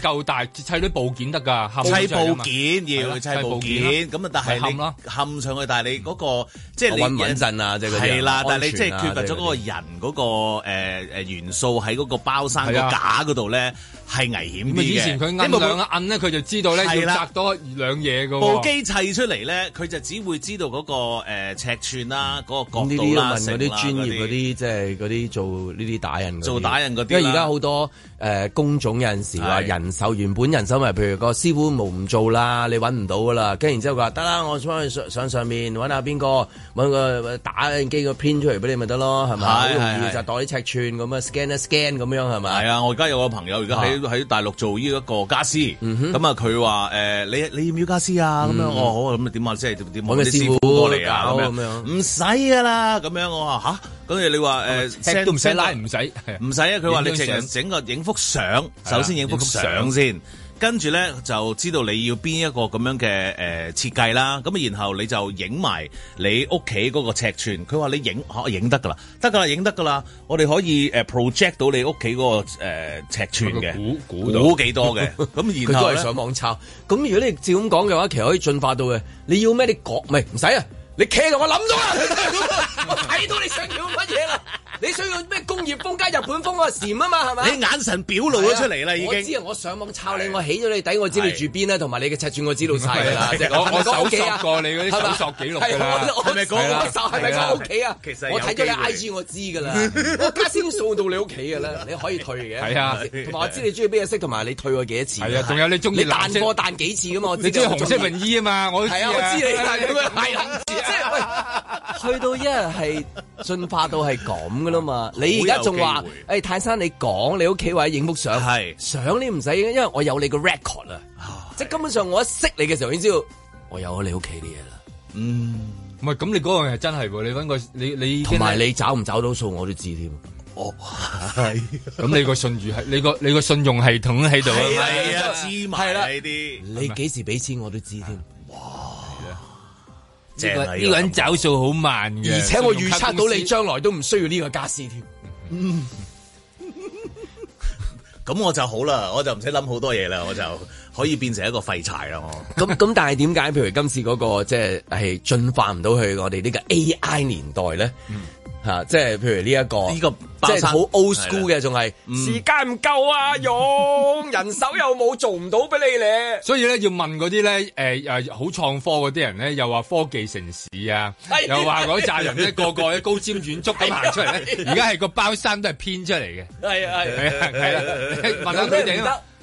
夠大砌啲部件得㗎，砌部件要砌部件。咁啊，但係你冚上去，但係你嗰個即係你唔穩陣啊？即係係啦，但係你即係缺乏咗嗰個人嗰個誒元素喺嗰個包生嘅架嗰度咧。係危險啲嘅。因為佢按咧，佢就知道咧要摘多兩嘢嘅。部機砌出嚟咧，佢就只會知道嗰個誒尺寸啦，嗰個角度啦，成啦。啲專業嗰啲，即係嗰啲做呢啲打印嗰啲。做打印嗰啲。因為而家好多誒工種有陣時話人手，原本人手咪譬如個師傅冇唔做啦，你揾唔到噶啦。跟然之後話得啦，我上去上上上面揾下邊個揾個打印機個 print 出嚟俾你咪得咯，係咪？係。好容易就度啲尺寸咁啊，scan 咧 scan 咁樣係咪？係啊，我而家有個朋友而家喺大陸做呢一個家私，咁啊佢話誒，你你要唔要家私啊？咁樣哦，好啊，咁啊，點啊，即係點？我哋師傅過嚟啊，咁樣唔使噶啦，咁樣我話吓，咁你你話誒，都唔使拉，唔使，唔使啊！佢話你成日整個影幅相，首先影幅相先。跟住咧，就知道你要邊一個咁樣嘅誒、呃、設計啦。咁然後你就影埋你屋企嗰個尺寸。佢話你影影、啊、得噶啦，得噶影得噶啦。我哋可以 project 到你屋企嗰個尺寸嘅估估估到幾多嘅。咁 然後佢都係上網抄。咁如果你照咁講嘅話，其實可以進化到嘅。你要咩？你講唔係唔使啊！你企同我諗到呀！我睇到你想要乜嘢啦。你需要咩工業風加日本風啊？禪啊嘛，係咪？你眼神表露咗出嚟啦，已經。知我上網抄你，我起咗你底，我知你住邊啦，同埋你嘅尺寸我知道晒。我我手索過你嗰啲搜索記錄。係我我咪講我手喺屋企啊，其實我睇咗你 I G 我知噶啦，我家先送到你屋企噶啦，你可以退嘅。係，同埋我知你中意咩嘢色，同埋你退過幾多次。係啊，仲有你中意藍色，我彈幾次啊嘛？你中意紅色泳衣啊嘛？我係啊，我知你係紅，即係去到一係進化到係咁。啦嘛，你而家仲話，誒，泰山你講，你屋企或者影幅相，相你唔使，因為我有你個 record 啊，即係根本上我一識你嘅時候已經知道，我有咗你屋企啲嘢啦。嗯，唔係，咁你嗰樣係真係，你搵個你你，同埋你找唔找到數我都知添。哦，係，咁你個信譽係，你個你個信用系統喺度啊，係啊，知埋，係啦呢啲，你幾時俾錢我都知添。呢、呢個人走數好慢嘅。啊、而且我預測到你將來都唔需要呢個傢俬添、嗯。咁 我就好啦，我就唔使諗好多嘢啦，我就可以變成一個廢柴啦。咁咁， 但係點解譬如今次嗰、嗰個即係係進化唔到去我哋呢個 A I 年代咧？嗯啊！即係譬如呢一個呢個即係好 old school 嘅，仲係時間唔夠啊，用人手又冇做唔到俾你咧。所以咧要問嗰啲咧誒誒好創科嗰啲人咧，又話科技城市啊，又話嗰扎人咧個個咧高瞻遠矚咁行出嚟咧，而家係個包山都係編出嚟嘅。係啊係啊係啦，問下佢哋得。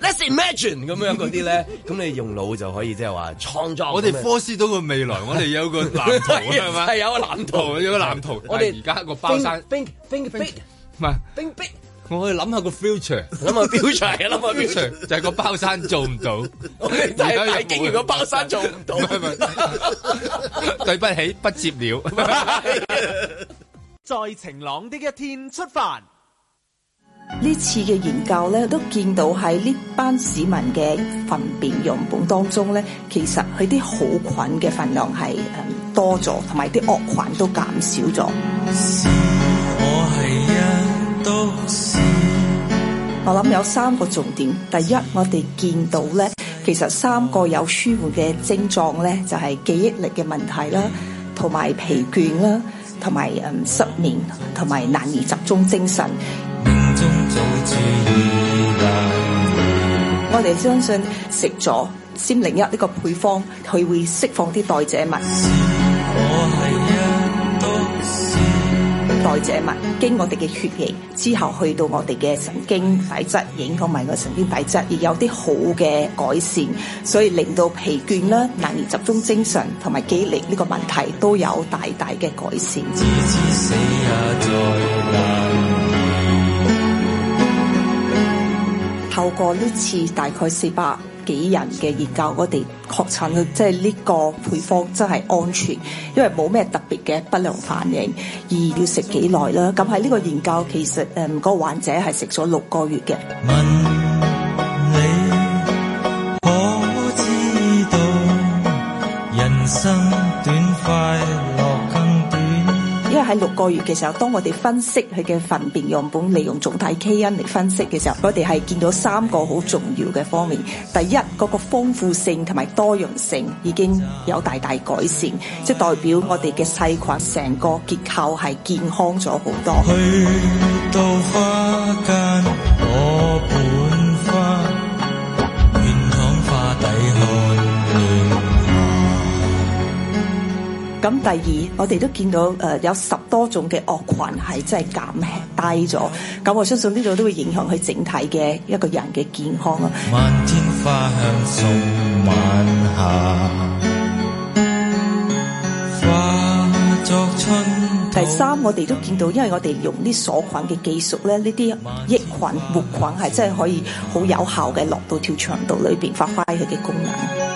Let's imagine 咁樣嗰啲咧，咁你用腦就可以即係話創作。我哋科斯到個未來，我哋有個藍圖係嘛，係有個藍圖，有個藍圖。我哋而家個包山，think think think，唔係 think big。諗下個 future，諗下 future，諗下 future，就係個包山做唔到。而家又冇。係驚如果包山做唔到，對不起，不接了。在晴朗的一天出發。呢次嘅研究咧，都見到喺呢班市民嘅糞便樣本當中咧，其實佢啲好菌嘅份量係誒、嗯、多咗，同埋啲惡菌都減少咗。我諗有三個重點，第一，我哋見到咧，其實三個有舒緩嘅症狀咧，就係、是、記憶力嘅問題啦，同埋疲倦啦，同埋誒失眠，同埋難以集中精神。我哋相信食咗先，零一呢個配方，佢會釋放啲代謝物，我一都代謝物經我哋嘅血液之後去到我哋嘅神經體質，影響埋我神經體質，亦有啲好嘅改善，所以令到疲倦啦、難以集中精神同埋記憶力呢個問題都有大大嘅改善。透過呢次大概四百幾人嘅研究，我哋確診，即係呢個配方真係安全，因為冇咩特別嘅不良反應。而要食幾耐啦？咁喺呢個研究其實誒，嗯、個患者係食咗六個月嘅。喺六個月嘅時候，當我哋分析佢嘅糞便樣本，利用總體基因嚟分析嘅時候，我哋係見到三個好重要嘅方面。第一，嗰個豐富性同埋多樣性已經有大大改善，即係代表我哋嘅細菌成個結構係健康咗好多。去到花咁第二，我哋都見到誒、呃、有十多種嘅惡菌係真係減低咗。咁我相信呢度都會影響佢整體嘅一個人嘅健康啊。第三，我哋都見到，因為我哋用啲鎖菌嘅技術咧，呢啲益菌活菌係真係可以好有效嘅落到條腸道裏邊發揮佢嘅功能。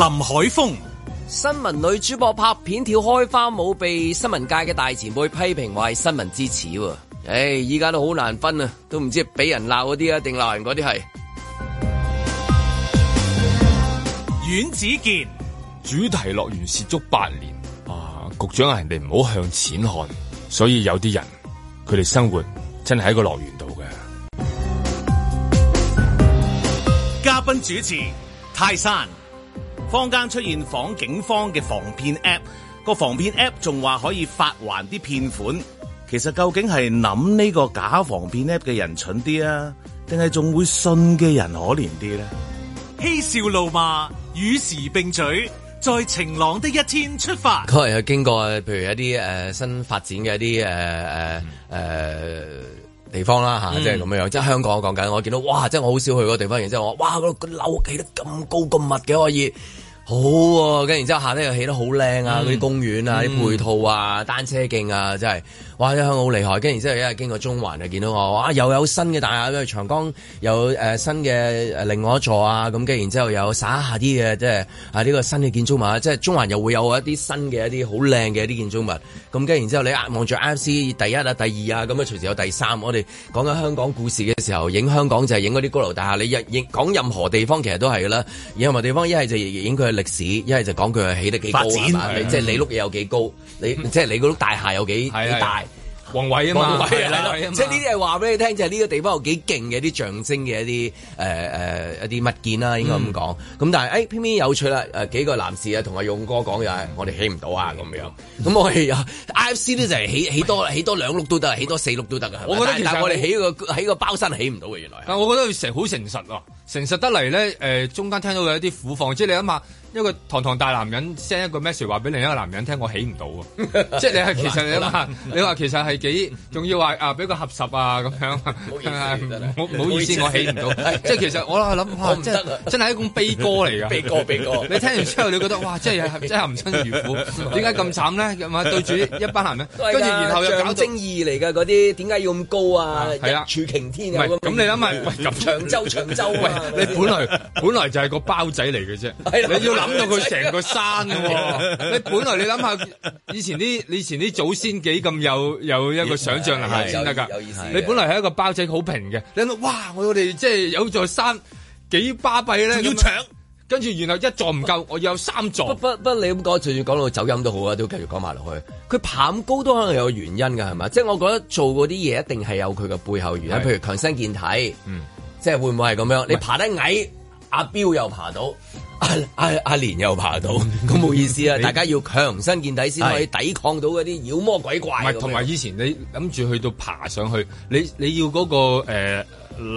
林海峰，新聞女主播拍片跳開花舞被新聞界嘅大前輩批評話係新聞之恥，誒依家，都好難分啊，都唔知俾人鬧嗰啲啊定鬧人嗰啲係。阮子健，主題樂園涉足八年啊，局長啊，人哋唔好向錢看，所以有啲人佢哋生活真係喺個樂園度嘅。嘉賓主持泰山。坊間出現仿警方嘅防騙 App，個防騙 App 仲話可以發還啲騙款，其實究竟係諗呢個假防騙 App 嘅人蠢啲啊，定係仲會信嘅人可憐啲呢？嬉笑怒罵與時並舉，在晴朗的一天出發。可能係經過譬如一啲誒、呃、新發展嘅一啲誒誒誒地方啦吓、嗯，即係咁樣樣，即係香港講緊，我見到哇，即係我好少去嗰個地方，然之後我哇，個樓起得咁高咁密嘅可以。好喎、啊，跟然之後下低又起得好靚啊，嗰啲、嗯、公園啊，啲配套啊，嗯、單車徑啊，真係。哇！香港好厲害，跟住然之後一係經過中環就見到我，哇！又有新嘅大廈啊，因長江有誒、呃、新嘅另外一座啊，咁跟住然之後有撒下啲嘅，即係喺呢個新嘅建築物，即係中環又會有一啲新嘅一啲好靚嘅一啲建築物。咁跟住然之後你望住 IFC 第一啊、第二啊，咁啊隨時有第三。我哋講緊香港故事嘅時候，影香港就係影嗰啲高樓大廈。你影講任何地方其實都係噶啦，任何地方一係就影佢嘅歷史，一係就講佢起得幾高，即係你碌嘢有幾高，你即係 你嗰碌、就是、大廈有幾 大。宏偉啊嘛，嘛即係呢啲係話俾你聽，就係、是、呢個地方有幾勁嘅，啲象徵嘅一啲誒誒一啲物件啦、啊，應該咁講。咁、嗯、但係誒、哎，偏偏有趣啦，誒幾個男士啊，同阿勇哥講又係我哋起唔到啊，咁樣。咁我係啊，IFC 咧就係起起多，起多兩碌都得，起多四碌都得嘅。我覺得其實但但我哋起個起個包山起唔到嘅原來。但我覺得佢成好誠實啊，誠實得嚟咧，誒中間聽到有啲苦況，即係你諗下。一個堂堂大男人 send 一個 message 話俾另一個男人聽，我起唔到啊！即係你係其實你話你話其實係幾，仲要話啊俾個合十啊咁樣，唔好意思，我起唔到。即係其實我諗下，真係一種悲歌嚟噶。悲歌悲歌，你聽完之後你覺得哇，真係即係含辛茹苦。」點解咁慘咧？對住一班男人，跟住然後又搞正義嚟嘅嗰啲，點解要咁高啊？係啊，一柱擎天咁。你諗下，唔長洲長洲喂，你本來本來就係個包仔嚟嘅啫，諗到佢成個山喎！你本來你諗下以前啲以前啲祖先幾咁有有一個想像力先得噶。你本來係一個包仔好平嘅，諗到哇！我哋即係有座山幾巴閉咧，要搶。跟住然後一座唔夠，我有三座。不不不，你咁講，就算講到走音都好啊，都繼續講埋落去。佢爬咁高都可能有原因噶，係嘛？即係我覺得做嗰啲嘢，一定係有佢嘅背後原因，譬如強身健體。嗯，即係會唔會係咁樣？你爬得矮，阿彪又爬到。阿阿蓮又爬到，咁冇、嗯、意思啊！你大家要強身健體先可以抵抗到嗰啲妖魔鬼怪。唔係，同埋以前你諗住去到爬上去，你你要嗰、嗰個誒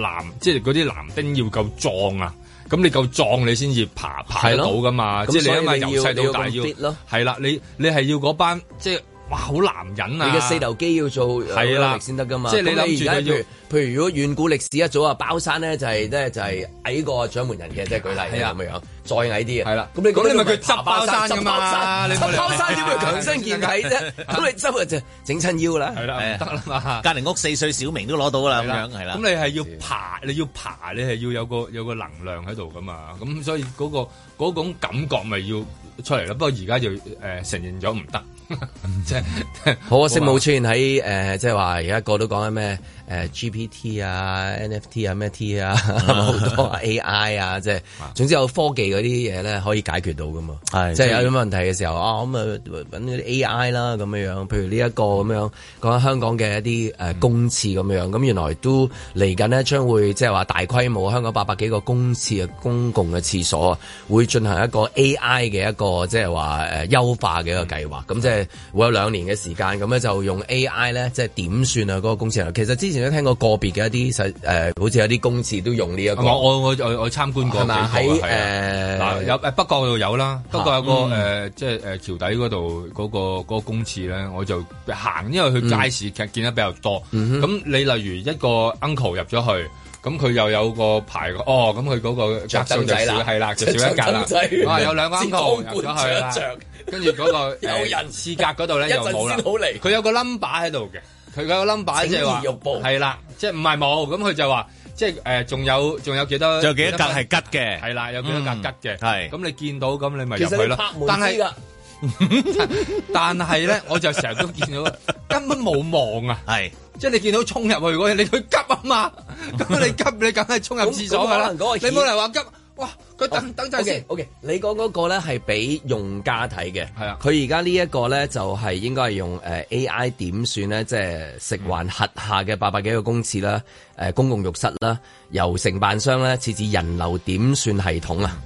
男、呃，即係嗰啲男丁要夠壯啊！咁你夠壯，你先至爬爬得到噶嘛？即係你因為由細到大要，係啦，你你係要嗰班即係。哇！好男人啊，你嘅四頭肌要做係啦，先得噶嘛。即係的你諗住，譬如譬如如果遠古歷史一組啊，包山咧就係、是、咧就係、是、矮個掌門人嘅，即係舉例係啊咁樣再矮啲嘅係啦。咁你咁你咪佢爬包山噶嘛？爬包山點會強身健體啫？咁 你真係就整親腰啦，係啦，唔得啦嘛。隔籬屋四歲小明都攞到啦，咁樣的，係啦。咁的你係要爬，你要爬，你係要，要有個有個能量喺度噶嘛？咁所以嗰、那個、那個、種感覺咪要出嚟咯。不過而家就誒承認咗唔得。呃呃即係 好可惜冇出現喺，誒，即係話而家個都講緊咩，誒 GPT 啊、NFT 啊、咩 T 啊，好、啊、多 AI 啊，即、就、係、是啊、總之有科技嗰啲嘢咧可以解決到噶嘛，即係是有啲問題嘅時候啊，咁啊搵啲 AI 啦咁樣樣，譬如呢、這、一個咁樣講緊香港嘅一啲誒公廁咁、嗯、樣，咁原來都嚟緊呢，將會即係話大規模香港八百幾個公廁公共嘅廁所啊，會進行一個 AI 嘅一個即係話誒優化嘅一個計劃，咁即、嗯會有兩年嘅時間，咁咧就用 A.I. 咧，即係點算啊？嗰個公廁其實之前都聽過個別嘅一啲，實誒，好似有啲公廁都用呢一個。我我我我參觀過幾個係啊，有誒，不過又有啦，不過有個誒，即係誒橋底嗰度嗰個嗰個公廁咧，我就行，因為佢街市其實見得比較多。咁你例如一個 uncle 入咗去，咁佢又有個牌，哦，咁佢嗰個夾凳仔啦，係啦，少一格啦，有兩個 uncle 入跟住嗰個有人視隔嗰度咧又冇啦，佢有個 number 喺度嘅，佢嗰個 number 即係話，係啦，即係唔係冇咁佢就話，即係誒仲有仲有幾多？仲有幾多格係吉嘅？係啦，有幾多格吉嘅？係咁你見到，咁你咪入去咯。但係，但係咧我就成日都見到根本冇望啊。係，即係你見到衝入去嗰，你佢急啊嘛，咁你急你梗係衝入廁所啦。你冇嚟話急哇？佢等，oh, 等陣先。OK，okay, 你講嗰個咧係俾用家睇嘅。係啊的，佢而家呢一個咧就係應該係用誒 AI 點算咧，即係食環轄下嘅八百幾個公廁啦，誒公共浴室啦，由承辦商咧設置人流點算系統啊。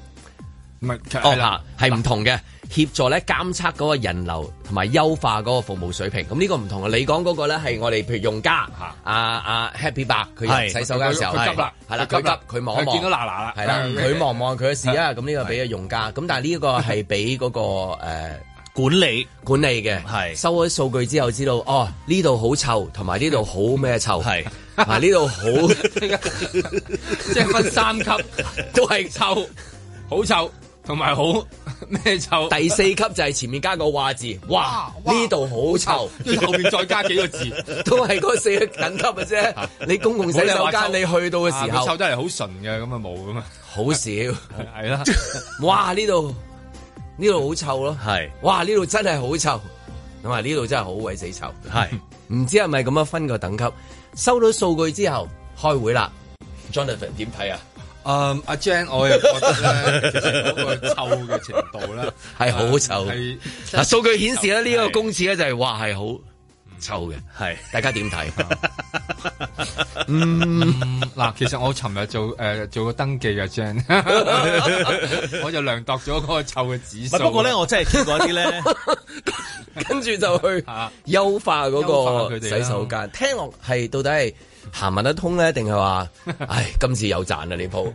哦，嗱，係唔同嘅協助咧，監測嗰個人流同埋優化嗰個服務水平。咁呢個唔同啊！你講嗰個咧係我哋譬如用家，吓，阿阿 Happy 爸佢喺洗手間嘅時候係啦，佢急佢望一望，見到嗱嗱啦，係啦，佢望望佢嘅事啊。咁呢個俾啊用家。咁但係呢個係俾嗰個誒管理管理嘅，係收咗數據之後知道哦，呢度好臭，同埋呢度好咩臭？係嗱，呢度好，即係分三級都係臭，好臭。同埋好咩臭？第四級就係前面加個話字，哇！呢度好臭，跟住後面再加幾個字，都係嗰四個等級啫。你公共洗手間你去到嘅時候，臭真係好純嘅，咁啊冇噶嘛，好少係啦。哇！呢度呢度好臭咯，係哇！呢度真係好臭，同埋呢度真係好鬼死臭，係唔知係咪咁樣分個等級？收到數據之後開會啦，Jonathan 點睇啊？誒，阿 j a n 我又覺得咧，嗰 個臭嘅程度咧係好臭。係嗱、啊，數據顯示咧呢個公廁咧就係話係好臭嘅，係是是大家點睇？嗯，嗱，其實我尋日做誒、呃、做個登記啊，j a n 我就量度咗嗰個臭嘅指數。 不過咧，我真係見過啲咧，跟住就去優化嗰個洗手間。聽落係到底係。行唔得通咧，定係話，唉，今次有賺啊呢鋪。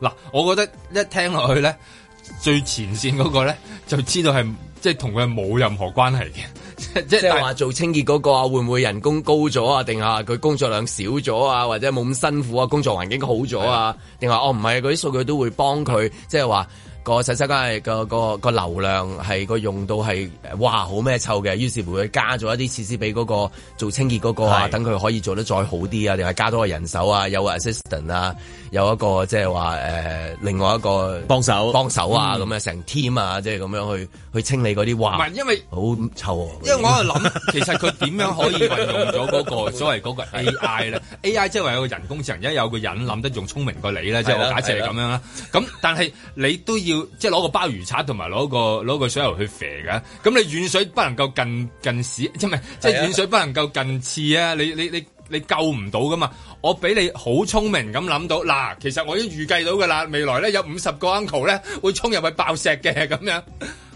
嗱， 我覺得一聽落去咧， 最前線嗰個咧，就知道係即係同佢冇任何關係嘅，即係即係話做清潔嗰個啊，會唔會人工高咗啊？定啊，佢工作量少咗啊？或者冇咁辛苦啊？工作環境好咗啊？定話是的 哦，唔係，嗰啲數據都會幫佢，即係話。個洗手間、個個、個流量係、個用到係哇好咩臭嘅，於是乎佢加咗一啲設施俾嗰、個做清潔嗰、個啊，等佢是的 可以做得再好啲啊，定係加多個人手啊，有 assistant 啊。有一個即係話誒，另外一個幫手幫手啊，咁樣成 team 啊，即係咁樣去去清理嗰啲話。唔係，因為好臭。因為我喺度諗， 其實佢點樣可以運用咗嗰、那個 所謂嗰個 AI 咧 ？AI 即係話有個人工智能，一有個人諗得仲聰明過你咧，即係我假設係咁樣啦。咁、啊啊、但係你都要即係攞個鮑魚鏟同埋攞個攞個水喉去肥噶。咁你遠水不能夠近近屎，即係即係遠水不能夠近刺啊！你你你。你你你救唔到噶嘛？我俾你好聰明咁諗到，嗱，其實我已經預計到噶啦，未來咧有五十個 uncle 咧會衝入去爆石嘅，咁樣，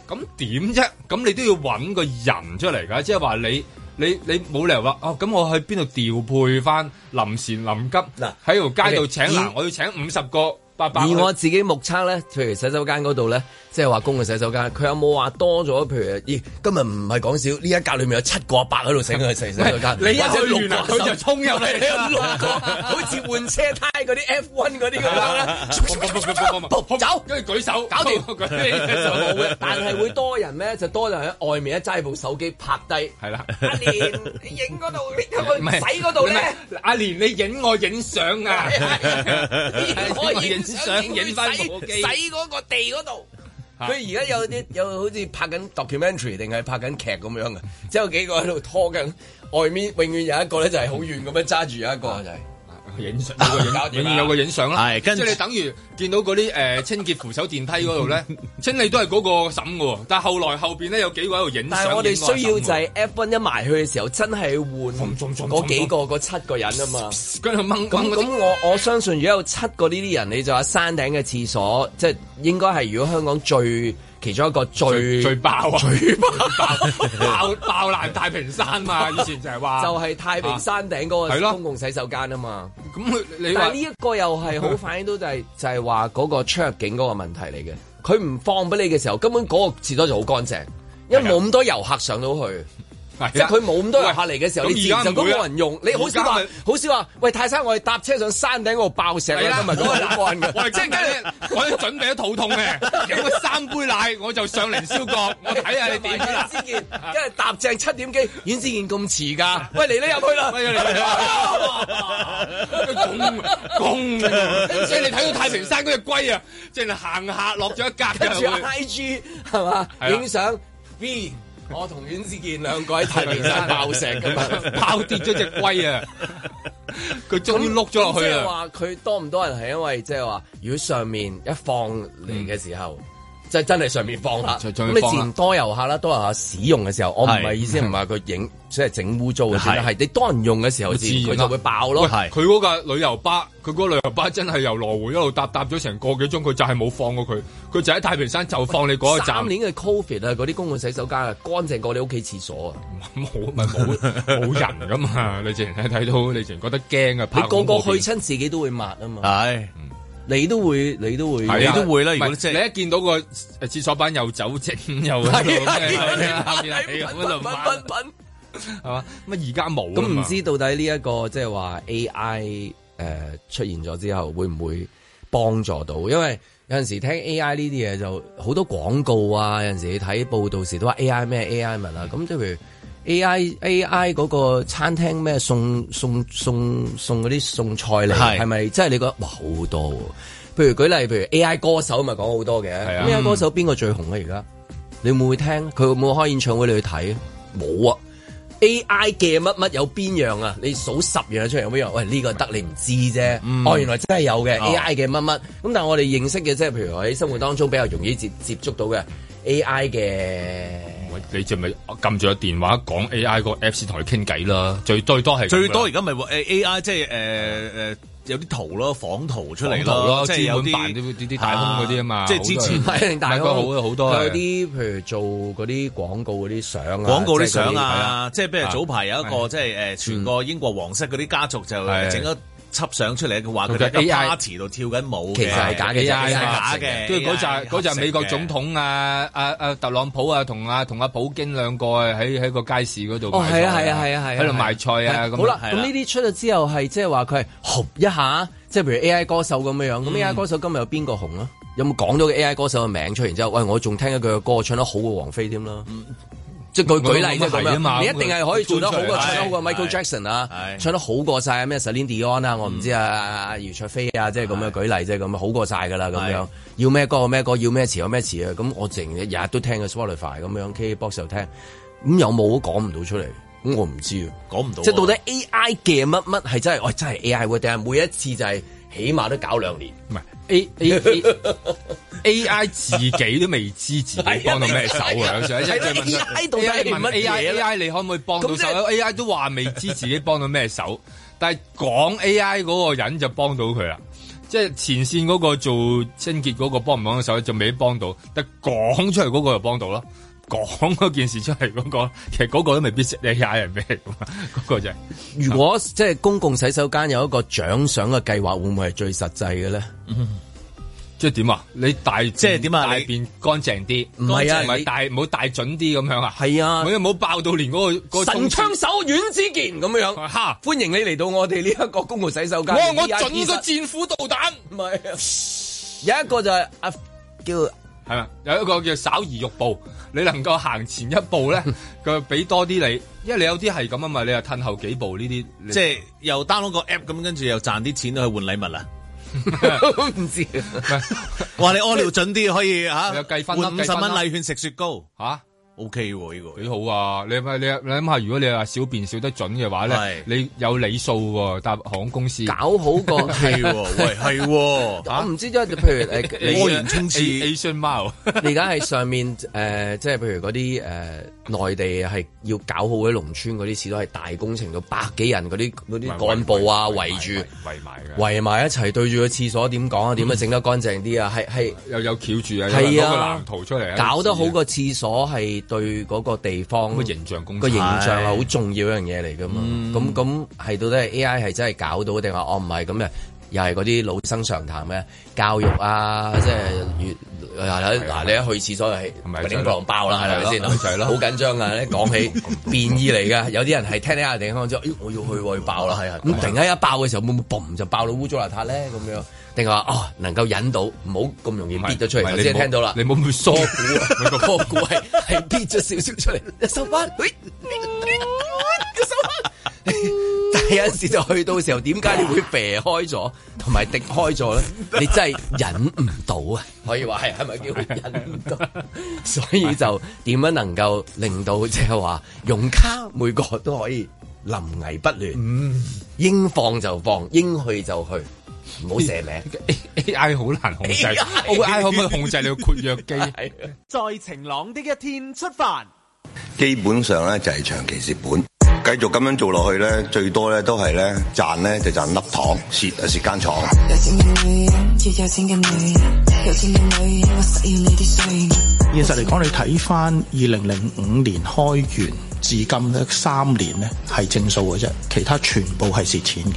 咁點啫？咁你都要搵個人出嚟噶，即係話你你你冇理由話哦？咁我去邊度調配翻臨時臨急嗱喺條街度請嗱，嗯、我要請五十個。以我自己目測咧，譬如洗手間嗰度咧，即係話公共洗手間，佢有冇話多咗？譬如，咦，今日唔係講笑，呢一格裏面有七個八個喺度醒佢洗洗手間，你一隻六啊，佢就衝入嚟，你五六個，好似換車胎嗰啲 F1 嗰啲咁樣咧，走，跟住舉手搞掂，冇嘅。但係會多人咩？就多人喺外面一揸部手機拍低，係啦。阿蓮你影嗰度，呢個洗嗰度咧？阿蓮，你影我影相啊？我影。影影翻洗機，個地嗰度。佢而家有啲有好似拍緊 documentary，定係拍緊劇咁樣啊，之後幾個喺度拖緊，外面永遠有一個咧就係好遠咁樣揸住有一個就係、就是。影相，有永影有個影相啦。即係你等於見到嗰啲誒清潔扶手電梯嗰度咧， 清理都係嗰個嬸喎。但係後來後邊咧有幾個喺度影相。但我哋需要就係 F1 一埋去嘅時候，真係換嗰幾個嗰七個人啊嘛。咁咁那我我相信，如果有七個呢啲人，你就話山頂嘅廁所，即係應該係如果香港最。其中一個最，最，最爆啊爆！ 爆爆爆爆爆爛太平山嘛！爆以前就係話，就係太平山頂嗰個公共洗手間啊嘛。咁你、啊、但呢一個又係好反映到就係就係話嗰個出入境嗰個問題嚟嘅。佢唔放俾你嘅時候，根本嗰個廁所就好乾淨，因為冇咁多遊客上到去。即係佢冇咁多人客嚟嘅時候，你而家唔會。冇人用，你好少話，好少話。喂，泰山，我哋搭車上山頂嗰度爆石啦，唔係都好㗎。我即刻，我準備咗肚痛嘅，飲咗三杯奶，我就上靈霄閣，我睇下你點。阮志健，跟住搭正七點幾，阮志見咁遲噶，喂，嚟啦，入去啦。拱拱，即係你睇到太平山嗰隻龜啊，即係行下落咗一格。跟住 I G 係嘛，影相 V。我同阮志健兩個喺太平山爆石咁， 爆跌咗隻龜啊！佢終於碌咗落去啊！即係話佢多唔多人係因為即係話，如果上面一放嚟嘅時候，嗯。就真係上面放啦，咁你前多遊客啦，多遊客使用嘅時候，我唔係意思唔係佢影，即係整污糟。但係，你多人用嘅時候佢就會爆咯。佢嗰個旅遊巴，佢嗰個旅遊巴真係由羅湖一路搭搭咗成個幾鐘，佢就係冇放過佢，佢就喺太平山就放你嗰一站。三年嘅 COVID 啊，嗰啲公共洗手間啊，乾淨過你屋企廁所啊。冇，咪冇冇人㗎嘛？你成日睇到，你成覺得驚啊！你個個去親自己都會抹啊嘛。係。你都會你，你都會，你都會啦。唔係你一見到個廁所板又走精又係係 啊，啊！咁而家冇咁唔知到底呢一個即係話 A I 誒出現咗之後會唔會幫助到？因為有陣時聽 A I 呢啲嘢就好多廣告啊！有陣時你睇報道時都話 A I 咩 A I 物啊！咁即譬如。A I A I 嗰個餐廳咩送送送送嗰啲送菜嚟，係咪即係你覺得哇好多、啊？譬如舉例，譬如 A I 歌手咪講好多嘅。係啊、A I 歌手邊個最紅啊？而家你會唔會聽？佢會唔會開演唱會你去睇？冇啊！A I 嘅乜乜有邊樣啊？你數十樣出嚟有邊樣？喂，呢、呢個得你唔知啫。嗯、哦，原來真係有嘅 A I 嘅乜乜。咁、哦、但係我哋認識嘅即係譬如我喺生活當中比較容易接接觸到嘅 A I 嘅。你就咪撳住個電話講 AI 個 Apps 同佢傾偈啦，最最多係最多而家咪話誒 AI 即係誒誒有啲圖咯，仿圖出嚟咯，即係有啲大風嗰啲啊嘛，即係之前大風好好多，有啲譬如做嗰啲廣告嗰啲相，啊。廣告啲相啊，即係譬如早排有一個即係誒，全個英國皇室嗰啲家族就整咗。輯相出嚟嘅話，佢喺 A I 池度跳緊舞，其實係假嘅，A I 係假嘅。跟住嗰就美國總統啊啊啊特朗普啊，同阿同啊普京兩個喺喺個街市嗰度哦，啊係啊係啊係喺度賣菜啊咁。好啦，咁呢啲出咗之後係即係話佢係紅一下，即係譬如 A I 歌手咁樣樣。咁 A I 歌手今日有邊個紅啊？有冇講咗個 A I 歌手嘅名出嚟之後？喂，我仲聽一句歌唱得好過王菲添啦。即佢舉例啫咁樣嘛，你一定係可以做得好過，唱好過 Michael Jackson 啊，唱得好過曬咩 Celine Dion 啊，我唔知啊啊啊，余卓飛啊，即係咁樣舉例啫，咁是、就是、好過曬㗎啦，咁樣是要咩歌有咩歌，要咩詞有咩詞啊，咁我成日日都聽個 Spotify 咁樣 KKBOX 又聽，咁有冇講唔到出嚟？咁我唔知講唔到。即到底 AI 嘅乜乜係真係，我、哎、真係 AI wh 每一次就係、是。起碼都搞兩年，唔係是 A A A I 自己都未知自己幫到咩手啊！有 A I 乜 A I 你可唔可以幫到手、啊就是、？A I 都話未知自己幫到咩手， 但係講 A I 嗰個人就幫到佢啦。即、就、係、是、前線嗰個做清潔嗰個幫唔幫到手就未幫到，但係講出嚟嗰個就幫到咯。講嗰件事出嚟嗰個，其實嗰個都未必你人咩？嗰個就係，如果即係公共洗手間有一個獎賞嘅計劃，會唔會係最實際嘅咧？即係點啊？你大即係點啊？大便乾淨啲，唔係啊？唔係大，唔好大準啲咁樣啊？係啊，佢唔冇爆到連嗰個神槍手阮之健咁樣。吓，歡迎你嚟到我哋呢一個公共洗手間。我我準個戰斧導彈，唔係啊。有一個就係阿叫。有一個叫稍而欲步，你能夠行前一步咧，佢俾多啲你，因為你有啲係咁啊嘛，你又褪後幾步呢啲，即係又 download 個 app 咁，跟住又賺啲錢去換禮物啦。唔知，話你屙尿準啲可以吓，計返五十蚊禮券食雪糕吓。啊 O K，呢個幾好啊！你咪你你諗下，如果你話小便小得準嘅話咧，你有理數喎，搭航空公司搞好個係，喂係，我唔知即係譬如，誒，高原衝刺，你而家係上面誒，即係譬如嗰啲誒內地係要搞好喺啲農村嗰啲廁所，係大工程到百幾人嗰啲嗰啲幹部啊圍住圍埋圍埋一齊對住個廁所點講啊？點啊整得乾淨啲啊？係，係又有住啊？係啊，藍圖出嚟，搞得好個廁所係。對嗰個地方個形象係好重要一樣嘢嚟噶嘛，咁咁係到底 AI 係真係搞到定話哦唔係咁嘅，又係嗰啲老生常談嘅教育啊，即係嗱你一去廁所係亂撞爆啦係咪先？好緊張啊！你講起便意嚟㗎，有啲人係聽聽下地方之後，咦我要去喎，爆啦係咁突然間一爆嘅時候，會唔會嘣就爆到烏糟邋遢咧咁樣。定係話哦，能夠忍到，唔好咁容易跌咗出嚟。我先聽到啦。你唔好疏去縮股，個波股係係跌咗少少出嚟，收翻。喂、哎，個收翻。 但係有陣時就去到時候，點解你會避開咗，同埋滴開咗咧？你真係忍唔到啊！可以話係，係咪叫忍唔到？所以就點樣能夠令到即係話，用卡每個都可以臨危不亂，嗯、應放就放，應去就去。唔好射命 AI 好難控制 AI 可唔可以控制你個括約肌？再晴朗啲嘅一天出發，基本上咧就係長期蝕本，繼續咁樣做落去咧，最多咧都係咧賺咧就賺粒糖，蝕啊，蝕間廠。現實嚟講，你睇翻二零零五年開完至今咧三年咧係正數嘅啫，其他全部係蝕錢嘅。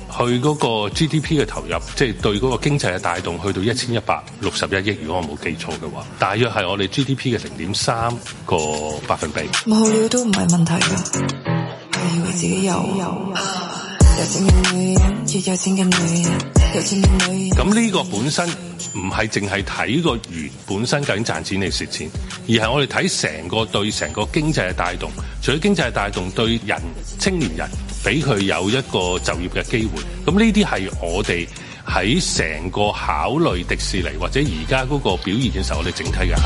去嗰個 GDP 嘅投入，即係對嗰個經濟嘅帶動，去到一千一百六十一億，如果我冇記錯嘅話，大約係我哋 GDP 嘅零點三個百分比。冇料都唔係問題㗎，題的我以為自己有，有錢嘅女，越有錢嘅女，有錢嘅女。咁呢個本身唔係淨係睇個源本身究竟賺錢定蝕錢，而係我哋睇成個對成個經濟嘅帶動。除咗經濟嘅帶動，對人青年人。俾佢有一個就業嘅機會，咁呢啲係我哋喺成個考慮迪士尼或者而家嗰個表現嘅時候，我哋整體嘅考慮。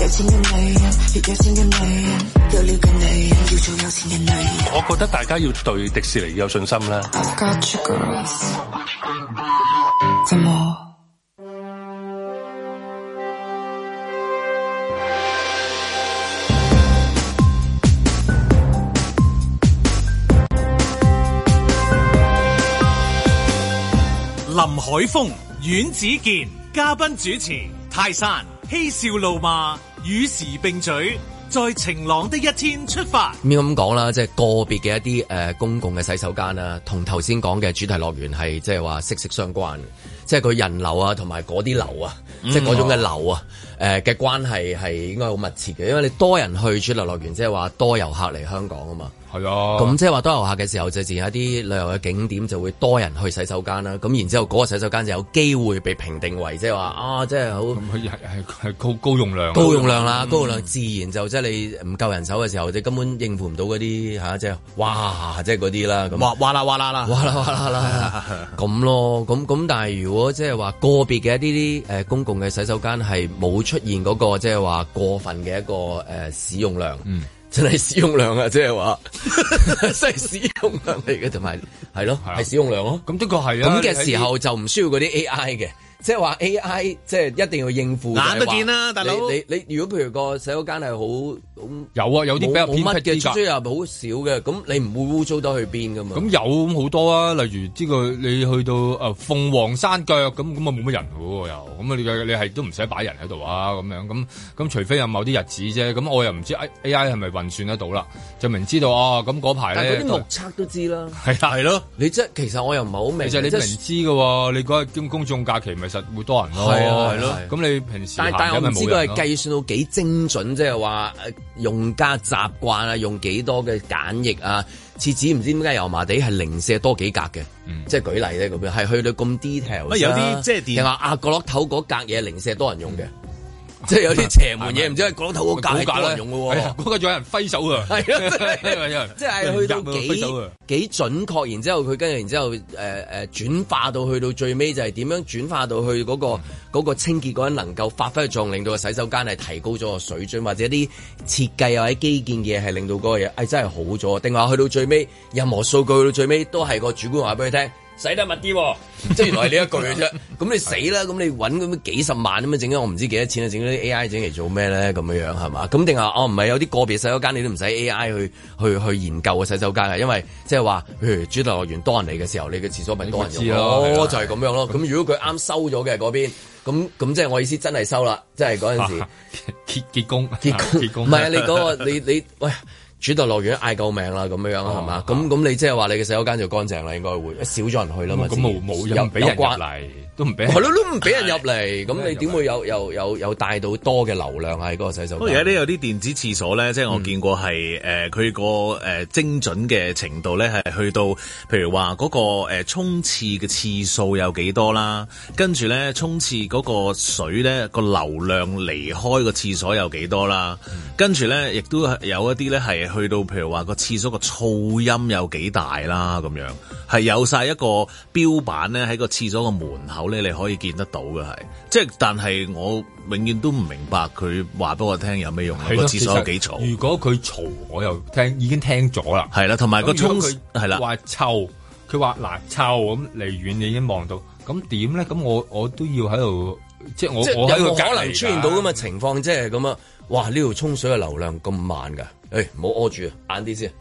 有錢嘅你，有錢嘅你，有了嘅你，要做有錢嘅你。我覺得大家要對迪士尼有信心啦。怎麼？林海峰、阮子健嘉賓主持，泰山。嬉笑怒罵，與時並舉，在晴朗的一天出發。咁講啦，即係個別嘅一啲誒、呃，公共嘅洗手間啦，同頭先講嘅主題樂園係即係話息息相關。即係佢人流啊，同埋嗰啲流啊，嗯、即係嗰種嘅流啊，嘅、嗯呃、關係係應該好密切嘅，因為你多人去主題樂園，即係話多遊客嚟香港啊嘛。係啊。咁即係話多遊客嘅時候，就自然有一啲旅遊嘅景點就會多人去洗手間啦。咁然之後嗰個洗手間就有機會被評定為即係話啊，即係好。咁係、嗯、高高容量。高容量啦，高容量自然就即係你唔夠人手嘅時候，就根本應付唔到嗰啲即係哇，即係嗰啲啦。哇啦哇啦啦，哇啦哇啦啦，咁 咯，咁咁但係如如果即係話個別嘅一啲啲誒公共嘅洗手間係冇出現嗰、那個即係話過分嘅一個誒、呃、使用量，嗯，真係使用量啊，即係話，真係 使用量嚟嘅，同埋係咯，係 了使用量咯，咁的確係啊，咁嘅、啊、時候就唔需要嗰啲 A I 嘅。即係話 A.I. 即係一定要應付，眼都見啦，但係，你你如果譬如個洗手間係好、啊，有啊有啲比較偏僻嘅站，又好少嘅，咁你唔會污糟得去邊噶嘛？咁有咁好多啊，例如呢、個你去到啊鳳凰山腳，咁咁啊冇乜人喎又，咁你嘅係都唔使擺人喺度啊咁樣咁咁，除非有某啲日子啫。咁我又唔知 A.I. 係咪運算得到啦？就明知道啊，咁嗰排咧，但係嗰啲目測都知啦，係係咯。啊、你即係其實我又唔係好明，其實你明知嘅喎，你嗰日兼公眾假期咪、就是？實會多人咯，係啊，係咯、啊。咁、啊、你平時但但係我唔知佢係計算到幾精準，即係話用家習慣啊，用幾多嘅簡易啊，廁紙唔知點解油麻地係零舍多幾格嘅。嗯、即係舉例咧，咁樣係去到咁 detail，有啲即係電話啊，角落頭嗰格嘢零舍多人用嘅。嗯即係有啲邪門嘢，唔 是知係講頭好價咧，那邊那邊人是是有人用嘅，仲有人揮手嘅，係咯，即係去到幾幾準確，然後之後佢跟住，然之後誒誒轉化到去到最尾，就係、是、點樣轉化到去嗰、那個、那個清潔嗰陣能夠發揮作用，令到個洗手間係提高咗個水準，或者啲設計或者基建嘅嘢，係令到嗰、那個嘢係、哎、真係好咗，定話去到最尾任何數據去到最尾都係個主管話俾佢聽。洗得密啲、哦， 即係原來係呢一句嘅啫。咁你死啦，咁你揾咁幾十萬咁樣整咗，我唔知幾多錢啦。整啲 AI 整嚟做咩咧？咁樣樣係嘛？咁定係哦？唔係有啲個別洗手間你都唔使 AI 去去去研究嘅洗手間啊？因為即係話，譬如主題樂園多人嚟嘅時候，你嘅廁所咪多人用知咯、啊，就係咁樣咯。咁如果佢啱收咗嘅嗰邊，咁咁即係我意思真係收啦，即係嗰陣時結結工結工，唔係啊！結結啊結你、嗰個、你你喂。主導樂園嗌救命啦，咁樣樣係嘛？咁咁、哦、吧，你即係話你嘅洗手間就乾淨啦，應該會、嗯、少咗人去啦嘛，冇人俾人刮嚟。都唔俾係咯，都唔俾人入嚟。咁你點會有有有有帶到多嘅流量喺嗰個洗手間？不過而家都有啲電子廁所咧，即係我見過係誒，佢個誒精準嘅程度咧係去到，譬如話嗰個誒沖廁嘅次數有幾多啦，跟住咧沖廁嗰個水咧個流量離開個廁所有幾多啦，跟住咧亦都有一啲咧係去到譬如話個廁所個噪音有幾大啦咁樣，係有晒一個標板咧喺個廁所個門口。你可以見得到嘅，係，即係但係我永遠都唔明白佢話俾我聽有咩用，的個廁所有幾嘈。如果佢嘈，我又聽已經聽咗的啦。係啦，同埋個沖水係啦，話臭，佢話嗱臭咁，離遠你已經望到，咁點咧？咁我我都要喺度，即係我即係是有，有可能出現到咁嘅情況，即係咁啊！哇，呢度沖水嘅流量咁慢噶，誒、欸，唔好屙住，晏啲先。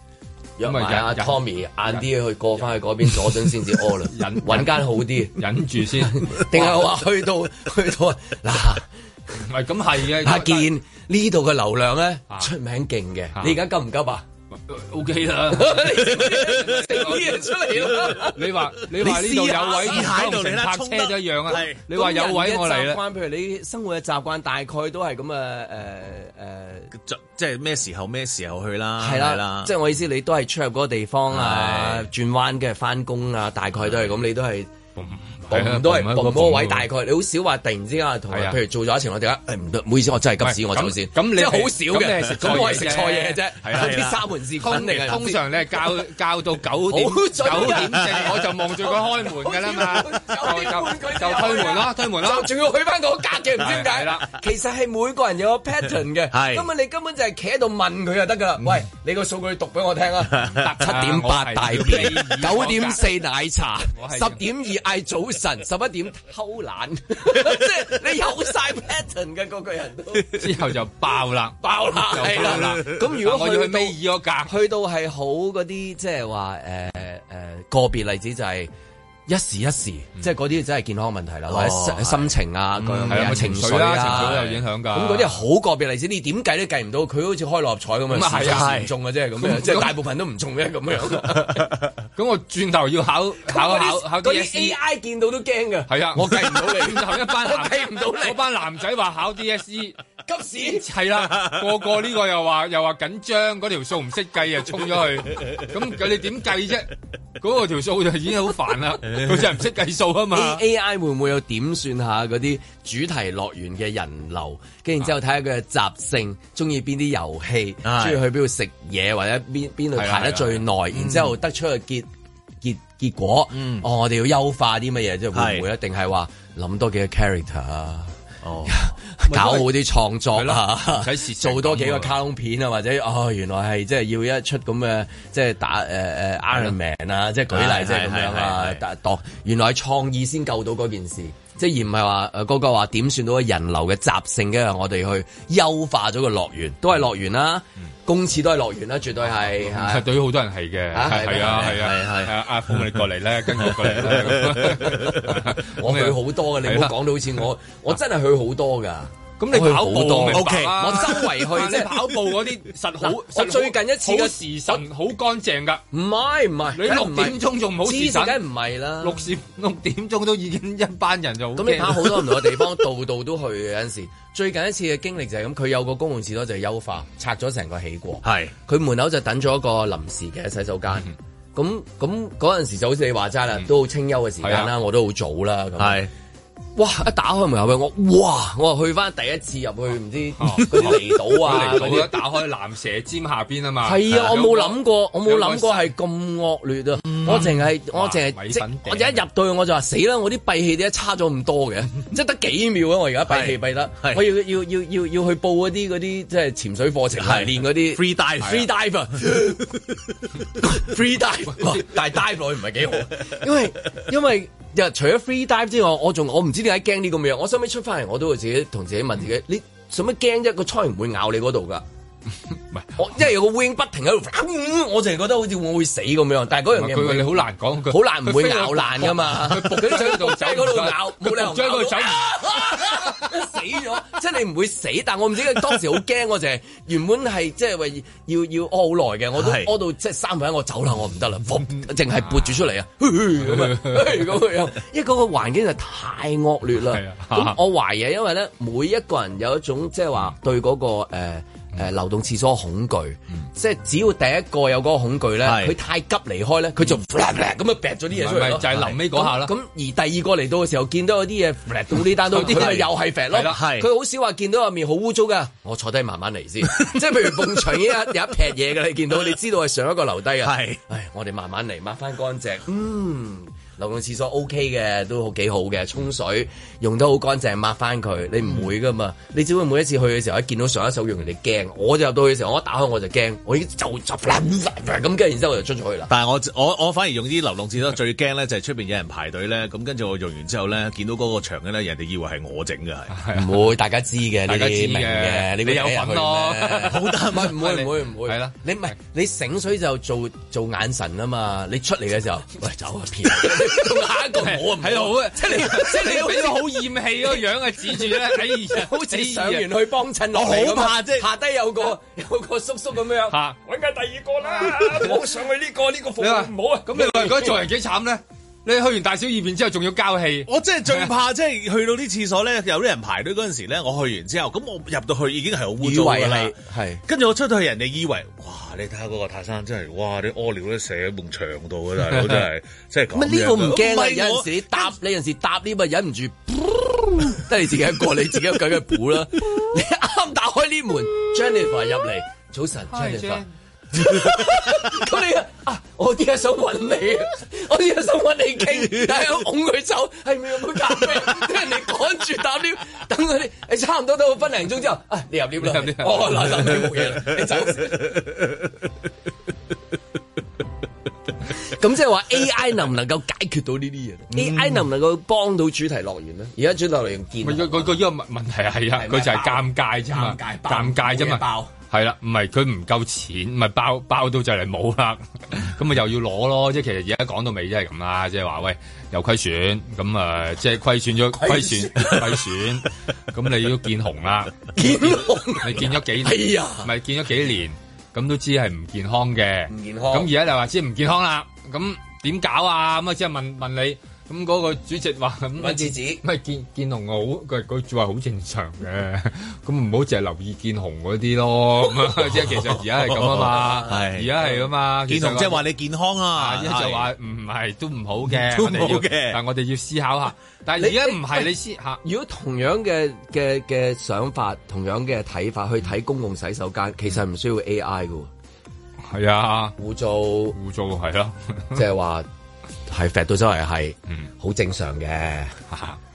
有約埋阿 Tommy 晏啲去過翻去嗰邊佐敦先至屙啦，忍揾間好啲，忍住先，定係話去到去到嗱，唔係咁係嘅。阿健呢度嘅流量咧出名勁嘅，你而家急唔急啊？O K 啦，呢啲人出嚟啦。你話你話呢度有位，開成泊車都一樣啊。你話有位咧，習慣，譬如你生活嘅習慣，大概都係咁啊。誒誒，即係咩時候咩時候去啦？係啦，即係我意思，你都係出入嗰個地方啊，轉彎嘅翻工啊，大概都係咁，你都係。唔係啊，都係嗰位大概，你好少話突然之間同，譬如，做咗一程我哋啊，誒，唔得，唔好意思，我真係急屎，我走先，真係好少嘅。咁我係食錯嘢啫，有啲三門市通嚟嘅。通常你係教教到九點九點正，我就望住佢開門噶啦嘛。九點正就推門咯，推門咯，就仲要去翻個隔牆唔知點解。係啦，其實係每個人有個 pattern 嘅，係。根本你根本就係企喺度問佢就得噶啦。喂，你個數據讀俾我聽啊，七點八大餅，九點四奶茶，十點二。嗌早晨，十一點偷懶， 即係你有晒 pattern 嘅嗰句、那個、人都，之後就爆啦，爆啦了，啦，咁的 如果我要去尾二個格，去到係好嗰啲，即係話誒誒個別例子就係、是。一時一時，即係嗰啲真係健康問題啦，或者心情啊，各樣嘢、情緒啦，情緒都有影響噶。咁嗰啲好個別例子，你點計都計唔到，佢好似開六合彩咁樣，係啊，唔中嘅啫，咁樣即係大部分都唔中嘅，咁樣。咁我轉頭要考考考考啲 AI，見到都驚噶。係啊，我計唔到你。然後一班睇唔到你，嗰班男仔話考 DSE 急時，係啦，個個呢個又話又話緊張，嗰條數唔識計啊，衝咗去。咁佢哋點計啫？嗰個條數就已經好煩啦。佢真係唔識計數啊嘛！AI 會唔會有點算下嗰啲主題樂園嘅人流，跟住之後睇下佢嘅習性，中意邊啲遊戲，中意是去邊度食嘢，或者邊邊度排得最耐，然之後得出個結、嗯、結，結，結果。嗯、哦，我哋要優化啲乜嘢，即係會唔會一定係話諗多幾個 character 啊？哦，oh, 搞好啲創作啦，使做多幾個卡通片啊，的或者哦，原來係即係要一出咁嘅，即係打誒誒、呃、Iron Man 啊，即係舉例即係咁樣啊，但當原來創意先救到嗰件事。即而唔係話誒，嗰個話點算到人流嘅雜性，因為我哋去優化咗個樂園，都係樂園啦，公廁都係樂園啦，絕對係。係對於好多人係嘅，係啊，係啊，係阿阿峰你過嚟咧，跟我過嚟咧，我去好多嘅，你唔好講到好似我，我真係去好多噶。咁你跑步 OK，我周圍去即係跑步嗰啲實好，最近一次嘅時陣好乾淨噶。唔係唔係，你六點鐘仲唔好時陣，梗唔係啦。六點六點鐘都已經一班人就咁，你跑好多唔同嘅地方，度度都去嘅。有陣時最近一次嘅經歷就係咁，佢有個公共廁所就係優化，拆咗成個起過。係佢門口就等咗一個臨時嘅洗手間。咁咁嗰陣時就好似你話齋啦，都好清幽嘅時間啦，我都好早啦。哇！一打開門入去，我哇！我去翻第一次入去，唔知嗰啲離島啊，嗰啲。打開蚺蛇尖下邊啊嘛。係啊，我冇諗過，我冇諗過係咁惡劣啊！我淨係我淨係即係我一入到去我就話死啦！我啲閉氣點解差咗咁多嘅？即係得幾秒啊！我而家閉氣閉得，我要要要要要去報嗰啲嗰啲即係潛水課程，係練嗰啲 free dive，free dive 啊，free dive，但係 dive 落去唔係幾好，因為因為。又除咗 free dive 之外，我仲我唔知點解驚啲咁嘅嘢。我收尾出返嚟，我都會自己同自己問自己：嗯、你做乜驚啫？個蒼然會咬你嗰度㗎？唔係我，因為有個烏蠅不停喺度，我淨係覺得好似我會死咁樣。但係嗰樣嘢，佢你好難講，好難唔會咬爛噶嘛。喺嗰度咬，冇理由唔佢走。死咗，即係你唔會死，但我唔知佢當時好驚，我就係原本係即係為要要屙好耐嘅，我都屙到即係三圍，我走啦，我唔得啦，淨係撥住出嚟啊咁因為嗰個環境就太惡劣啦。我懷疑，因為咧每一個人有一種即係話對嗰個誒。誒流動廁所恐懼，即係只要第一個有嗰個恐懼咧，佢太急離開咧，佢就咁啊撇咗啲嘢出嚟，就係臨尾嗰下啦。咁而第二個嚟到嘅時候，見到有啲嘢撇到呢單度，佢又係撇咯。佢好少話見到入面好污糟㗎。我坐低慢慢嚟先，即係譬如捧除呢一劈嘢嘅，你見到你知道係上一個留低嘅。係，唉，我哋慢慢嚟，抹翻乾淨。嗯。流動廁所 OK 嘅，都好幾好嘅，沖水用得好乾淨，抹翻佢，你唔會噶嘛？你只會每一次去嘅時候一見到上一手用，你驚。我就入到去嘅時候，我一打開我就驚，我已經就就扑咁，跟住然之後我就出咗去啦。但係我我我反而用啲流動廁所最驚咧就係出邊有人排隊咧，咁跟住我用完之後咧，見到嗰個牆嘅咧，人哋以為係我整嘅，係，唔會，大家知嘅，你明嘅，你有份咯，好得唔會唔會唔會係啦，你唔係你醒水就做做眼神啊嘛，你出嚟嘅時候，喂，走片。咁下一個，我唔喺度啊，即係你即係你好厭氣個樣啊，指住咧，喺好似上完去幫襯我好，咁即係下低有個有個叔叔咁樣吓，揾緊第二個啦唔好、啊、上去呢、這個呢、這個服務。唔好啊，咁你話，如果做人幾慘咧你去完大小二便之後，仲要交氣，我真係最怕，是啊、即係去到啲廁所咧，有啲人排隊嗰陣時咧，我去完之後，咁我入到去已經係好污糟噶啦，係。跟住我出到去，人哋以為，哇！你睇下嗰個泰山真係，哇！你屙尿都射喺門牆度嘅大佬真係，即係咁樣。唔係，我搭你陣時搭呢，咪忍唔住，得 你自己一個， 你自己咁樣補啦。你啱打開呢門，Jennifer 入嚟，早晨 Hi Jennifer。Jennifer 我依家想揾你，我依家想揾你傾，但係我捧佢走，係咪有冇咖啡？等人哋趕住搭 lift，等佢啲，你差唔多都到分零鐘之後，啊，你入 lift 啦，哦，嗱，你冇嘢啦，你走。咁即係話 AI 能唔能夠解決到呢啲嘢？AI 能唔能夠幫到主題樂園咧？而家主題樂園見，唔係佢佢佢呢個問問題係啊，佢就係尷尬啫嘛，尷尬啫嘛，爆。係啦，唔係佢唔夠錢，咪包包到 就嚟冇啦，咁咪又要攞咯，即係其實而家講到尾，即係咁啦，即係話喂有虧損，咁啊即係虧損咗，虧損虧損，咁損 你要見紅啦，見紅，你見咗幾，年，啊，咪見咗幾年，咁、哎、呀都知係唔健康嘅，唔健康，咁而家你話知唔健康啦，咁點搞啊？咁啊即係問問你。咁嗰個主席話咁，咩子子，咩見見紅好，佢佢話好正常嘅，咁唔好淨係留意見紅嗰啲咯，即係其實而家係咁啊嘛，係而家係啊嘛，見紅即係話你健康啊，就話唔係都唔好嘅，都唔好嘅，但我哋要思考下，但係你而家唔係你思吓，如果同樣嘅嘅嘅想法，同樣嘅睇法去睇公共洗手間，其實唔需要 AI 噶，係啊，污糟，污糟係啦，即係話。係肥到周圍係，好正常嘅，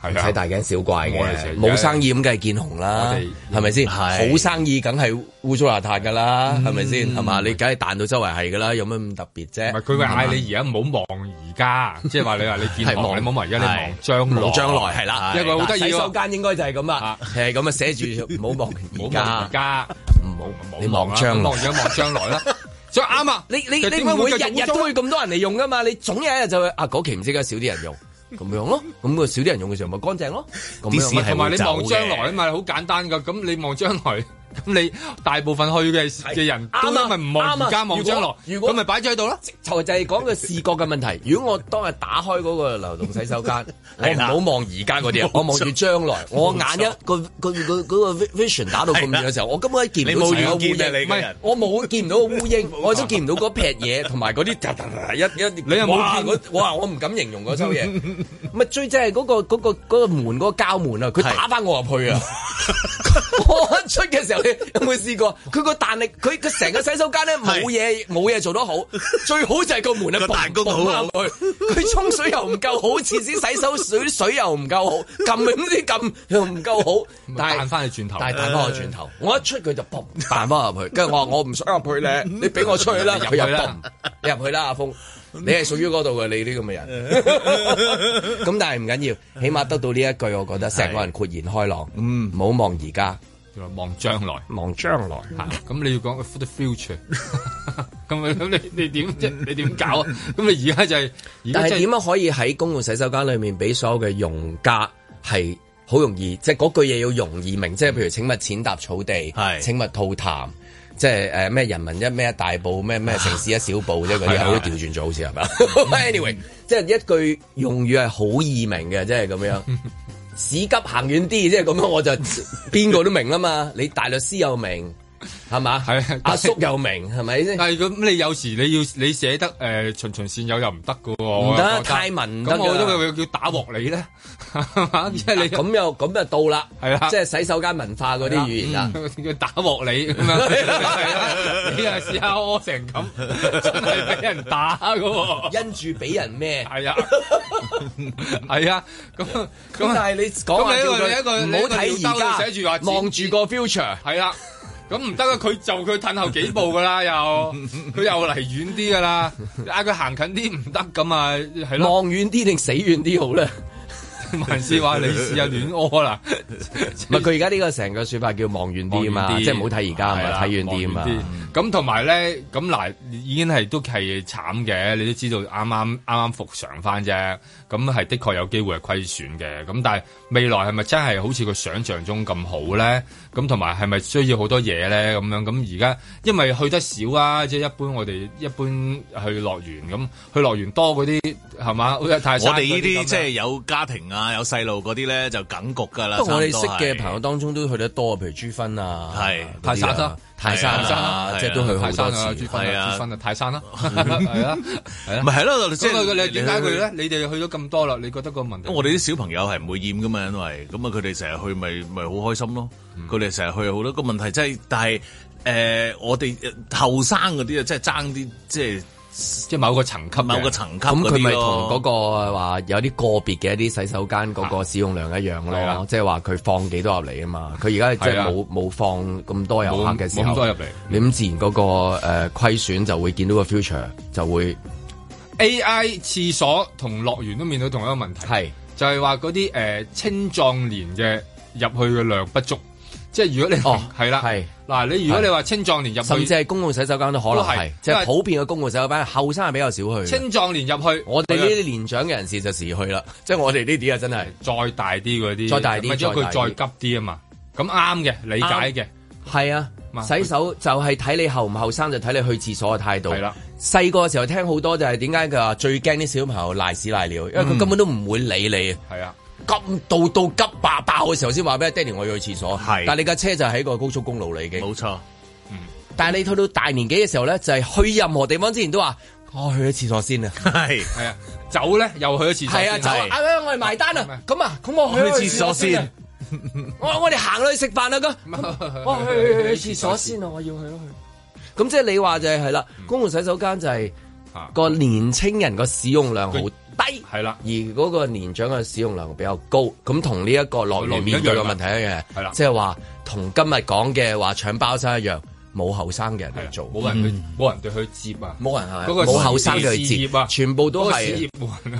唔使大驚小怪嘅。冇生意咁梗係見紅啦，係咪先？好生意梗係污糟邋遢噶啦，係咪先？係嘛，你梗係彈到周圍係噶啦，有乜咁特別啫？佢會嗌你而家唔好望而家，即係話你話你見望，你冇望而家你望將來將來係啦。一個好得意洗手間應該就係咁啊，係咁啊，寫住唔好望而家，唔好望你望將來，而家，望將來啦。所以啱啊！你你你，你，你，你點解日日都會咁多人嚟用噶嘛？ 你總有一日就會啊，嗰期唔知點解少啲人用，咁 樣咯。咁個少啲人用嘅時候咪乾淨咯。咁啲咪同埋你望將來啊嘛，好 簡單噶。咁你望將來。 咁你大部分去嘅嘅人都係唔望而家望，要將來，咁咪擺咗喺度咯。就就係講個視覺嘅問題。如果我當日打開嗰個流動洗手間，你唔好望而家嗰啲，我望住將來。我眼一個個個嗰個 vision 打到咁遠嘅時候，我根本係見唔到個烏蠅嚟嘅人。唔係，我冇見唔到個烏蠅，我都見唔到嗰撇嘢，同埋嗰啲一一。你又冇見嗰？我話我唔敢形容嗰出嘢。咪最正係嗰個嗰個嗰個門嗰個膠門啊！佢打翻我入去啊！我出嘅時候。有冇試過？佢個彈力，佢佢成個洗手間咧冇嘢，冇嘢，做得好。最好就係個門啊，嘭嘭入去。佢沖水又唔夠好，設施洗手水水又唔夠好，撳咁啲撳又唔夠好。彈翻去轉頭，但彈翻去轉頭，我一出佢就嘭彈翻入去。跟住我話我唔想入去咧，你俾我出去啦，入去啦。你入去啦，阿峰，你係屬於嗰度嘅，你啲咁嘅人。咁但係唔緊要，起碼得到呢一句，我覺得成個人豁然開朗。嗯，唔好望而家。望將來，望將來，咁你要講個 future，咁咁 你你點即係你點搞啊？咁 你而家就係、是，但係點樣可以喺公共洗手間裏面俾所有嘅用家係好容易，即係嗰句嘢要容易明，即係、嗯、譬如請勿踐踏草地，係是請勿吐痰，即係誒咩人民一咩大步，咩咩城市一 小步， 都轉即係嗰啲，可以調轉咗，好似係咪？Anyway，即係一句用語係好易明嘅，即係咁樣。 屎急行遠啲，即係咁樣，我就邊個都明啦嘛！你大律師又明。係嘛？係阿叔又明，係咪先？但係咁，你有時你要你寫得誒循循善誘，又唔得噶喎，唔得泰文咁，我覺得佢叫打鑊你咧，即係你咁又咁就到啦，係啊即係洗手間文化嗰啲語言啊，叫打鑊你咁樣，你啊試下屙成咁，真係俾人打噶，因住俾人咩？係啊，係啊，咁但係你講話叫佢唔好睇而家，寫住話望住個 future，係啦。咁唔得啊！佢就佢褪後幾步噶啦，又佢又嚟遠啲噶啦，嗌佢行近啲唔得咁啊，係咯？望遠啲定死遠啲好咧？還是話你試下亂屙啦？唔係佢而家呢個成個說法叫望遠啲嘛，即係唔好睇而家，係咪睇遠啲嘛。咁同埋咧，咁嗱已經係都係慘嘅，你都知道啱啱啱啱複常翻啫，咁係的確有機會係虧損嘅，咁但係。未來係咪真係好似佢想象中咁好咧？咁同埋係咪需要好多嘢咧？咁樣咁而家，因為去得少啊，即係一般我哋一般去樂園咁，去樂園多嗰啲係嘛？我哋呢啲即係有家庭啊，有細路嗰啲咧就梗局㗎啦。都我哋識嘅朋友當中都去得多，譬如朱芬啊，係泰山泰山啊，即係都去山啊，珠峰啊，泰山啦，係啊，係啊，唔係係咯，即係你點解佢咧？你哋去咗咁多啦？你覺得個問題？我哋啲小朋友係唔會厭噶嘛，因為咁啊，佢哋成日去咪咪好開心咯。佢哋成日去好多個問題，即係但係誒，我哋後生嗰啲啊，即係爭啲即係。即係某個層級，某個層級咁，佢咪同嗰個話有啲個別嘅一啲洗手間嗰個使用量一樣咯，即係話佢放幾多、啊、多入嚟啊嘛？佢而家即係冇冇放咁多入客嘅時候，冇咁多入嚟，嗯、你咁自然嗰、嗰個誒虧損就會見到個 future 就會 AI 廁所同樂園都面對同一個問題，係是就係話嗰啲誒青壯年嘅入去嘅量不足。即係如果你哦係啦，係嗱你如果你話青壯年入，甚至係公共洗手間都可能係，即係普遍嘅公共洗手間，後生係比較少去。青壯年入去，我哋呢啲年長嘅人士就時去啦。即係我哋呢啲啊，真係再大啲嗰啲，再大啲，因為佢再急啲啊嘛。咁啱嘅理解嘅，係啊，洗手就係睇你後唔後生，就睇你去廁所嘅態度。係啦，細個嘅時候聽好多就係點解佢話最驚啲小朋友賴屎賴尿，因為佢根本都唔會理你。係啊。急到到急爆爆嘅時候先話俾爹哋我要去廁所，係，但係你架車就喺個高速公路嚟嘅，冇錯。嗯，但係你到到大年紀嘅時候咧，就係去任何地方之前都話我去咗廁所先啊，係係啊，走咧又去咗廁所，係啊走，我哋埋單啦，咁啊咁我去廁所先，我哋行去食飯啦咁我去去廁所先啊，我要去去，咁即係你話就係係啦，公共洗手間就係個年青人個使用量好。低係啦，而嗰個年長嘅使用量比較高，咁同呢一個落雨面對嘅問題一樣，係啦了，即係話同今日講嘅話搶包山一樣，冇後生嘅人嚟做，冇人去，冇、嗯、人去接啊，冇人係咪？冇後生去接啊，全部都係，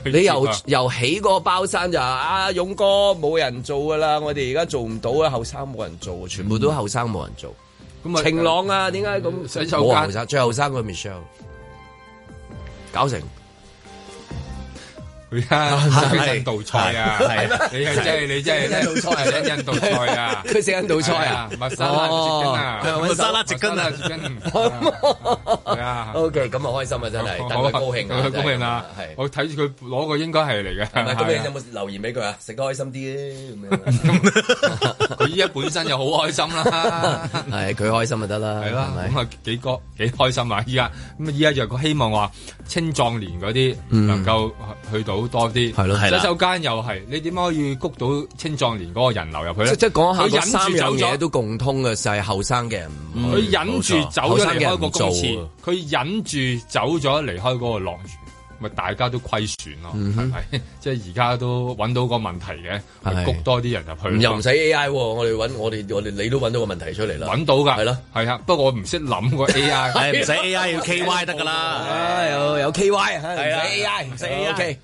你由由起嗰個包山就話啊，勇哥冇人做噶啦，我哋而家做唔到啊，後生冇人做，全部都後生冇人做，咁啊晴朗啊，點解咁？洗手間最後生個 Michelle 搞成。佢啊，食印度菜啊！你真係你真係印度菜啊！食印度菜啊！佢食印度菜啊！密沙拉植根啊！密沙拉直根啊！係啊！OK，咁啊，開心啊，真係大家高興啊，高興啦！我睇住佢攞個應該係嚟嘅。咁你有冇留言俾佢啊？食得開心啲咁樣。佢依家本身又好開心啦，係佢開心就得啦，係咪？幾哥幾開心啊！依家咁啊，依家就佢希望話青壯年啲能夠去到。好多啲係咯，洗手間又係你點可以谷到青壯年嗰個人流入去咧？即係講下個三樣嘢都共通嘅，就係後生嘅人。佢忍住走咗離開個公司，佢忍住走咗離開嗰個樂園，咪大家都虧損咯，係咪？即係而家都搵到個問題嘅，谷多啲人入去，又唔使 AI。我哋搵，我哋我哋你都搵到個問題出嚟啦，搵到㗎，係啦，係啊。不過我唔識諗㗎。哎呀，唔使 AI，要 KY 得㗎啦。有有 KY，唔使 AI，唔使 AI。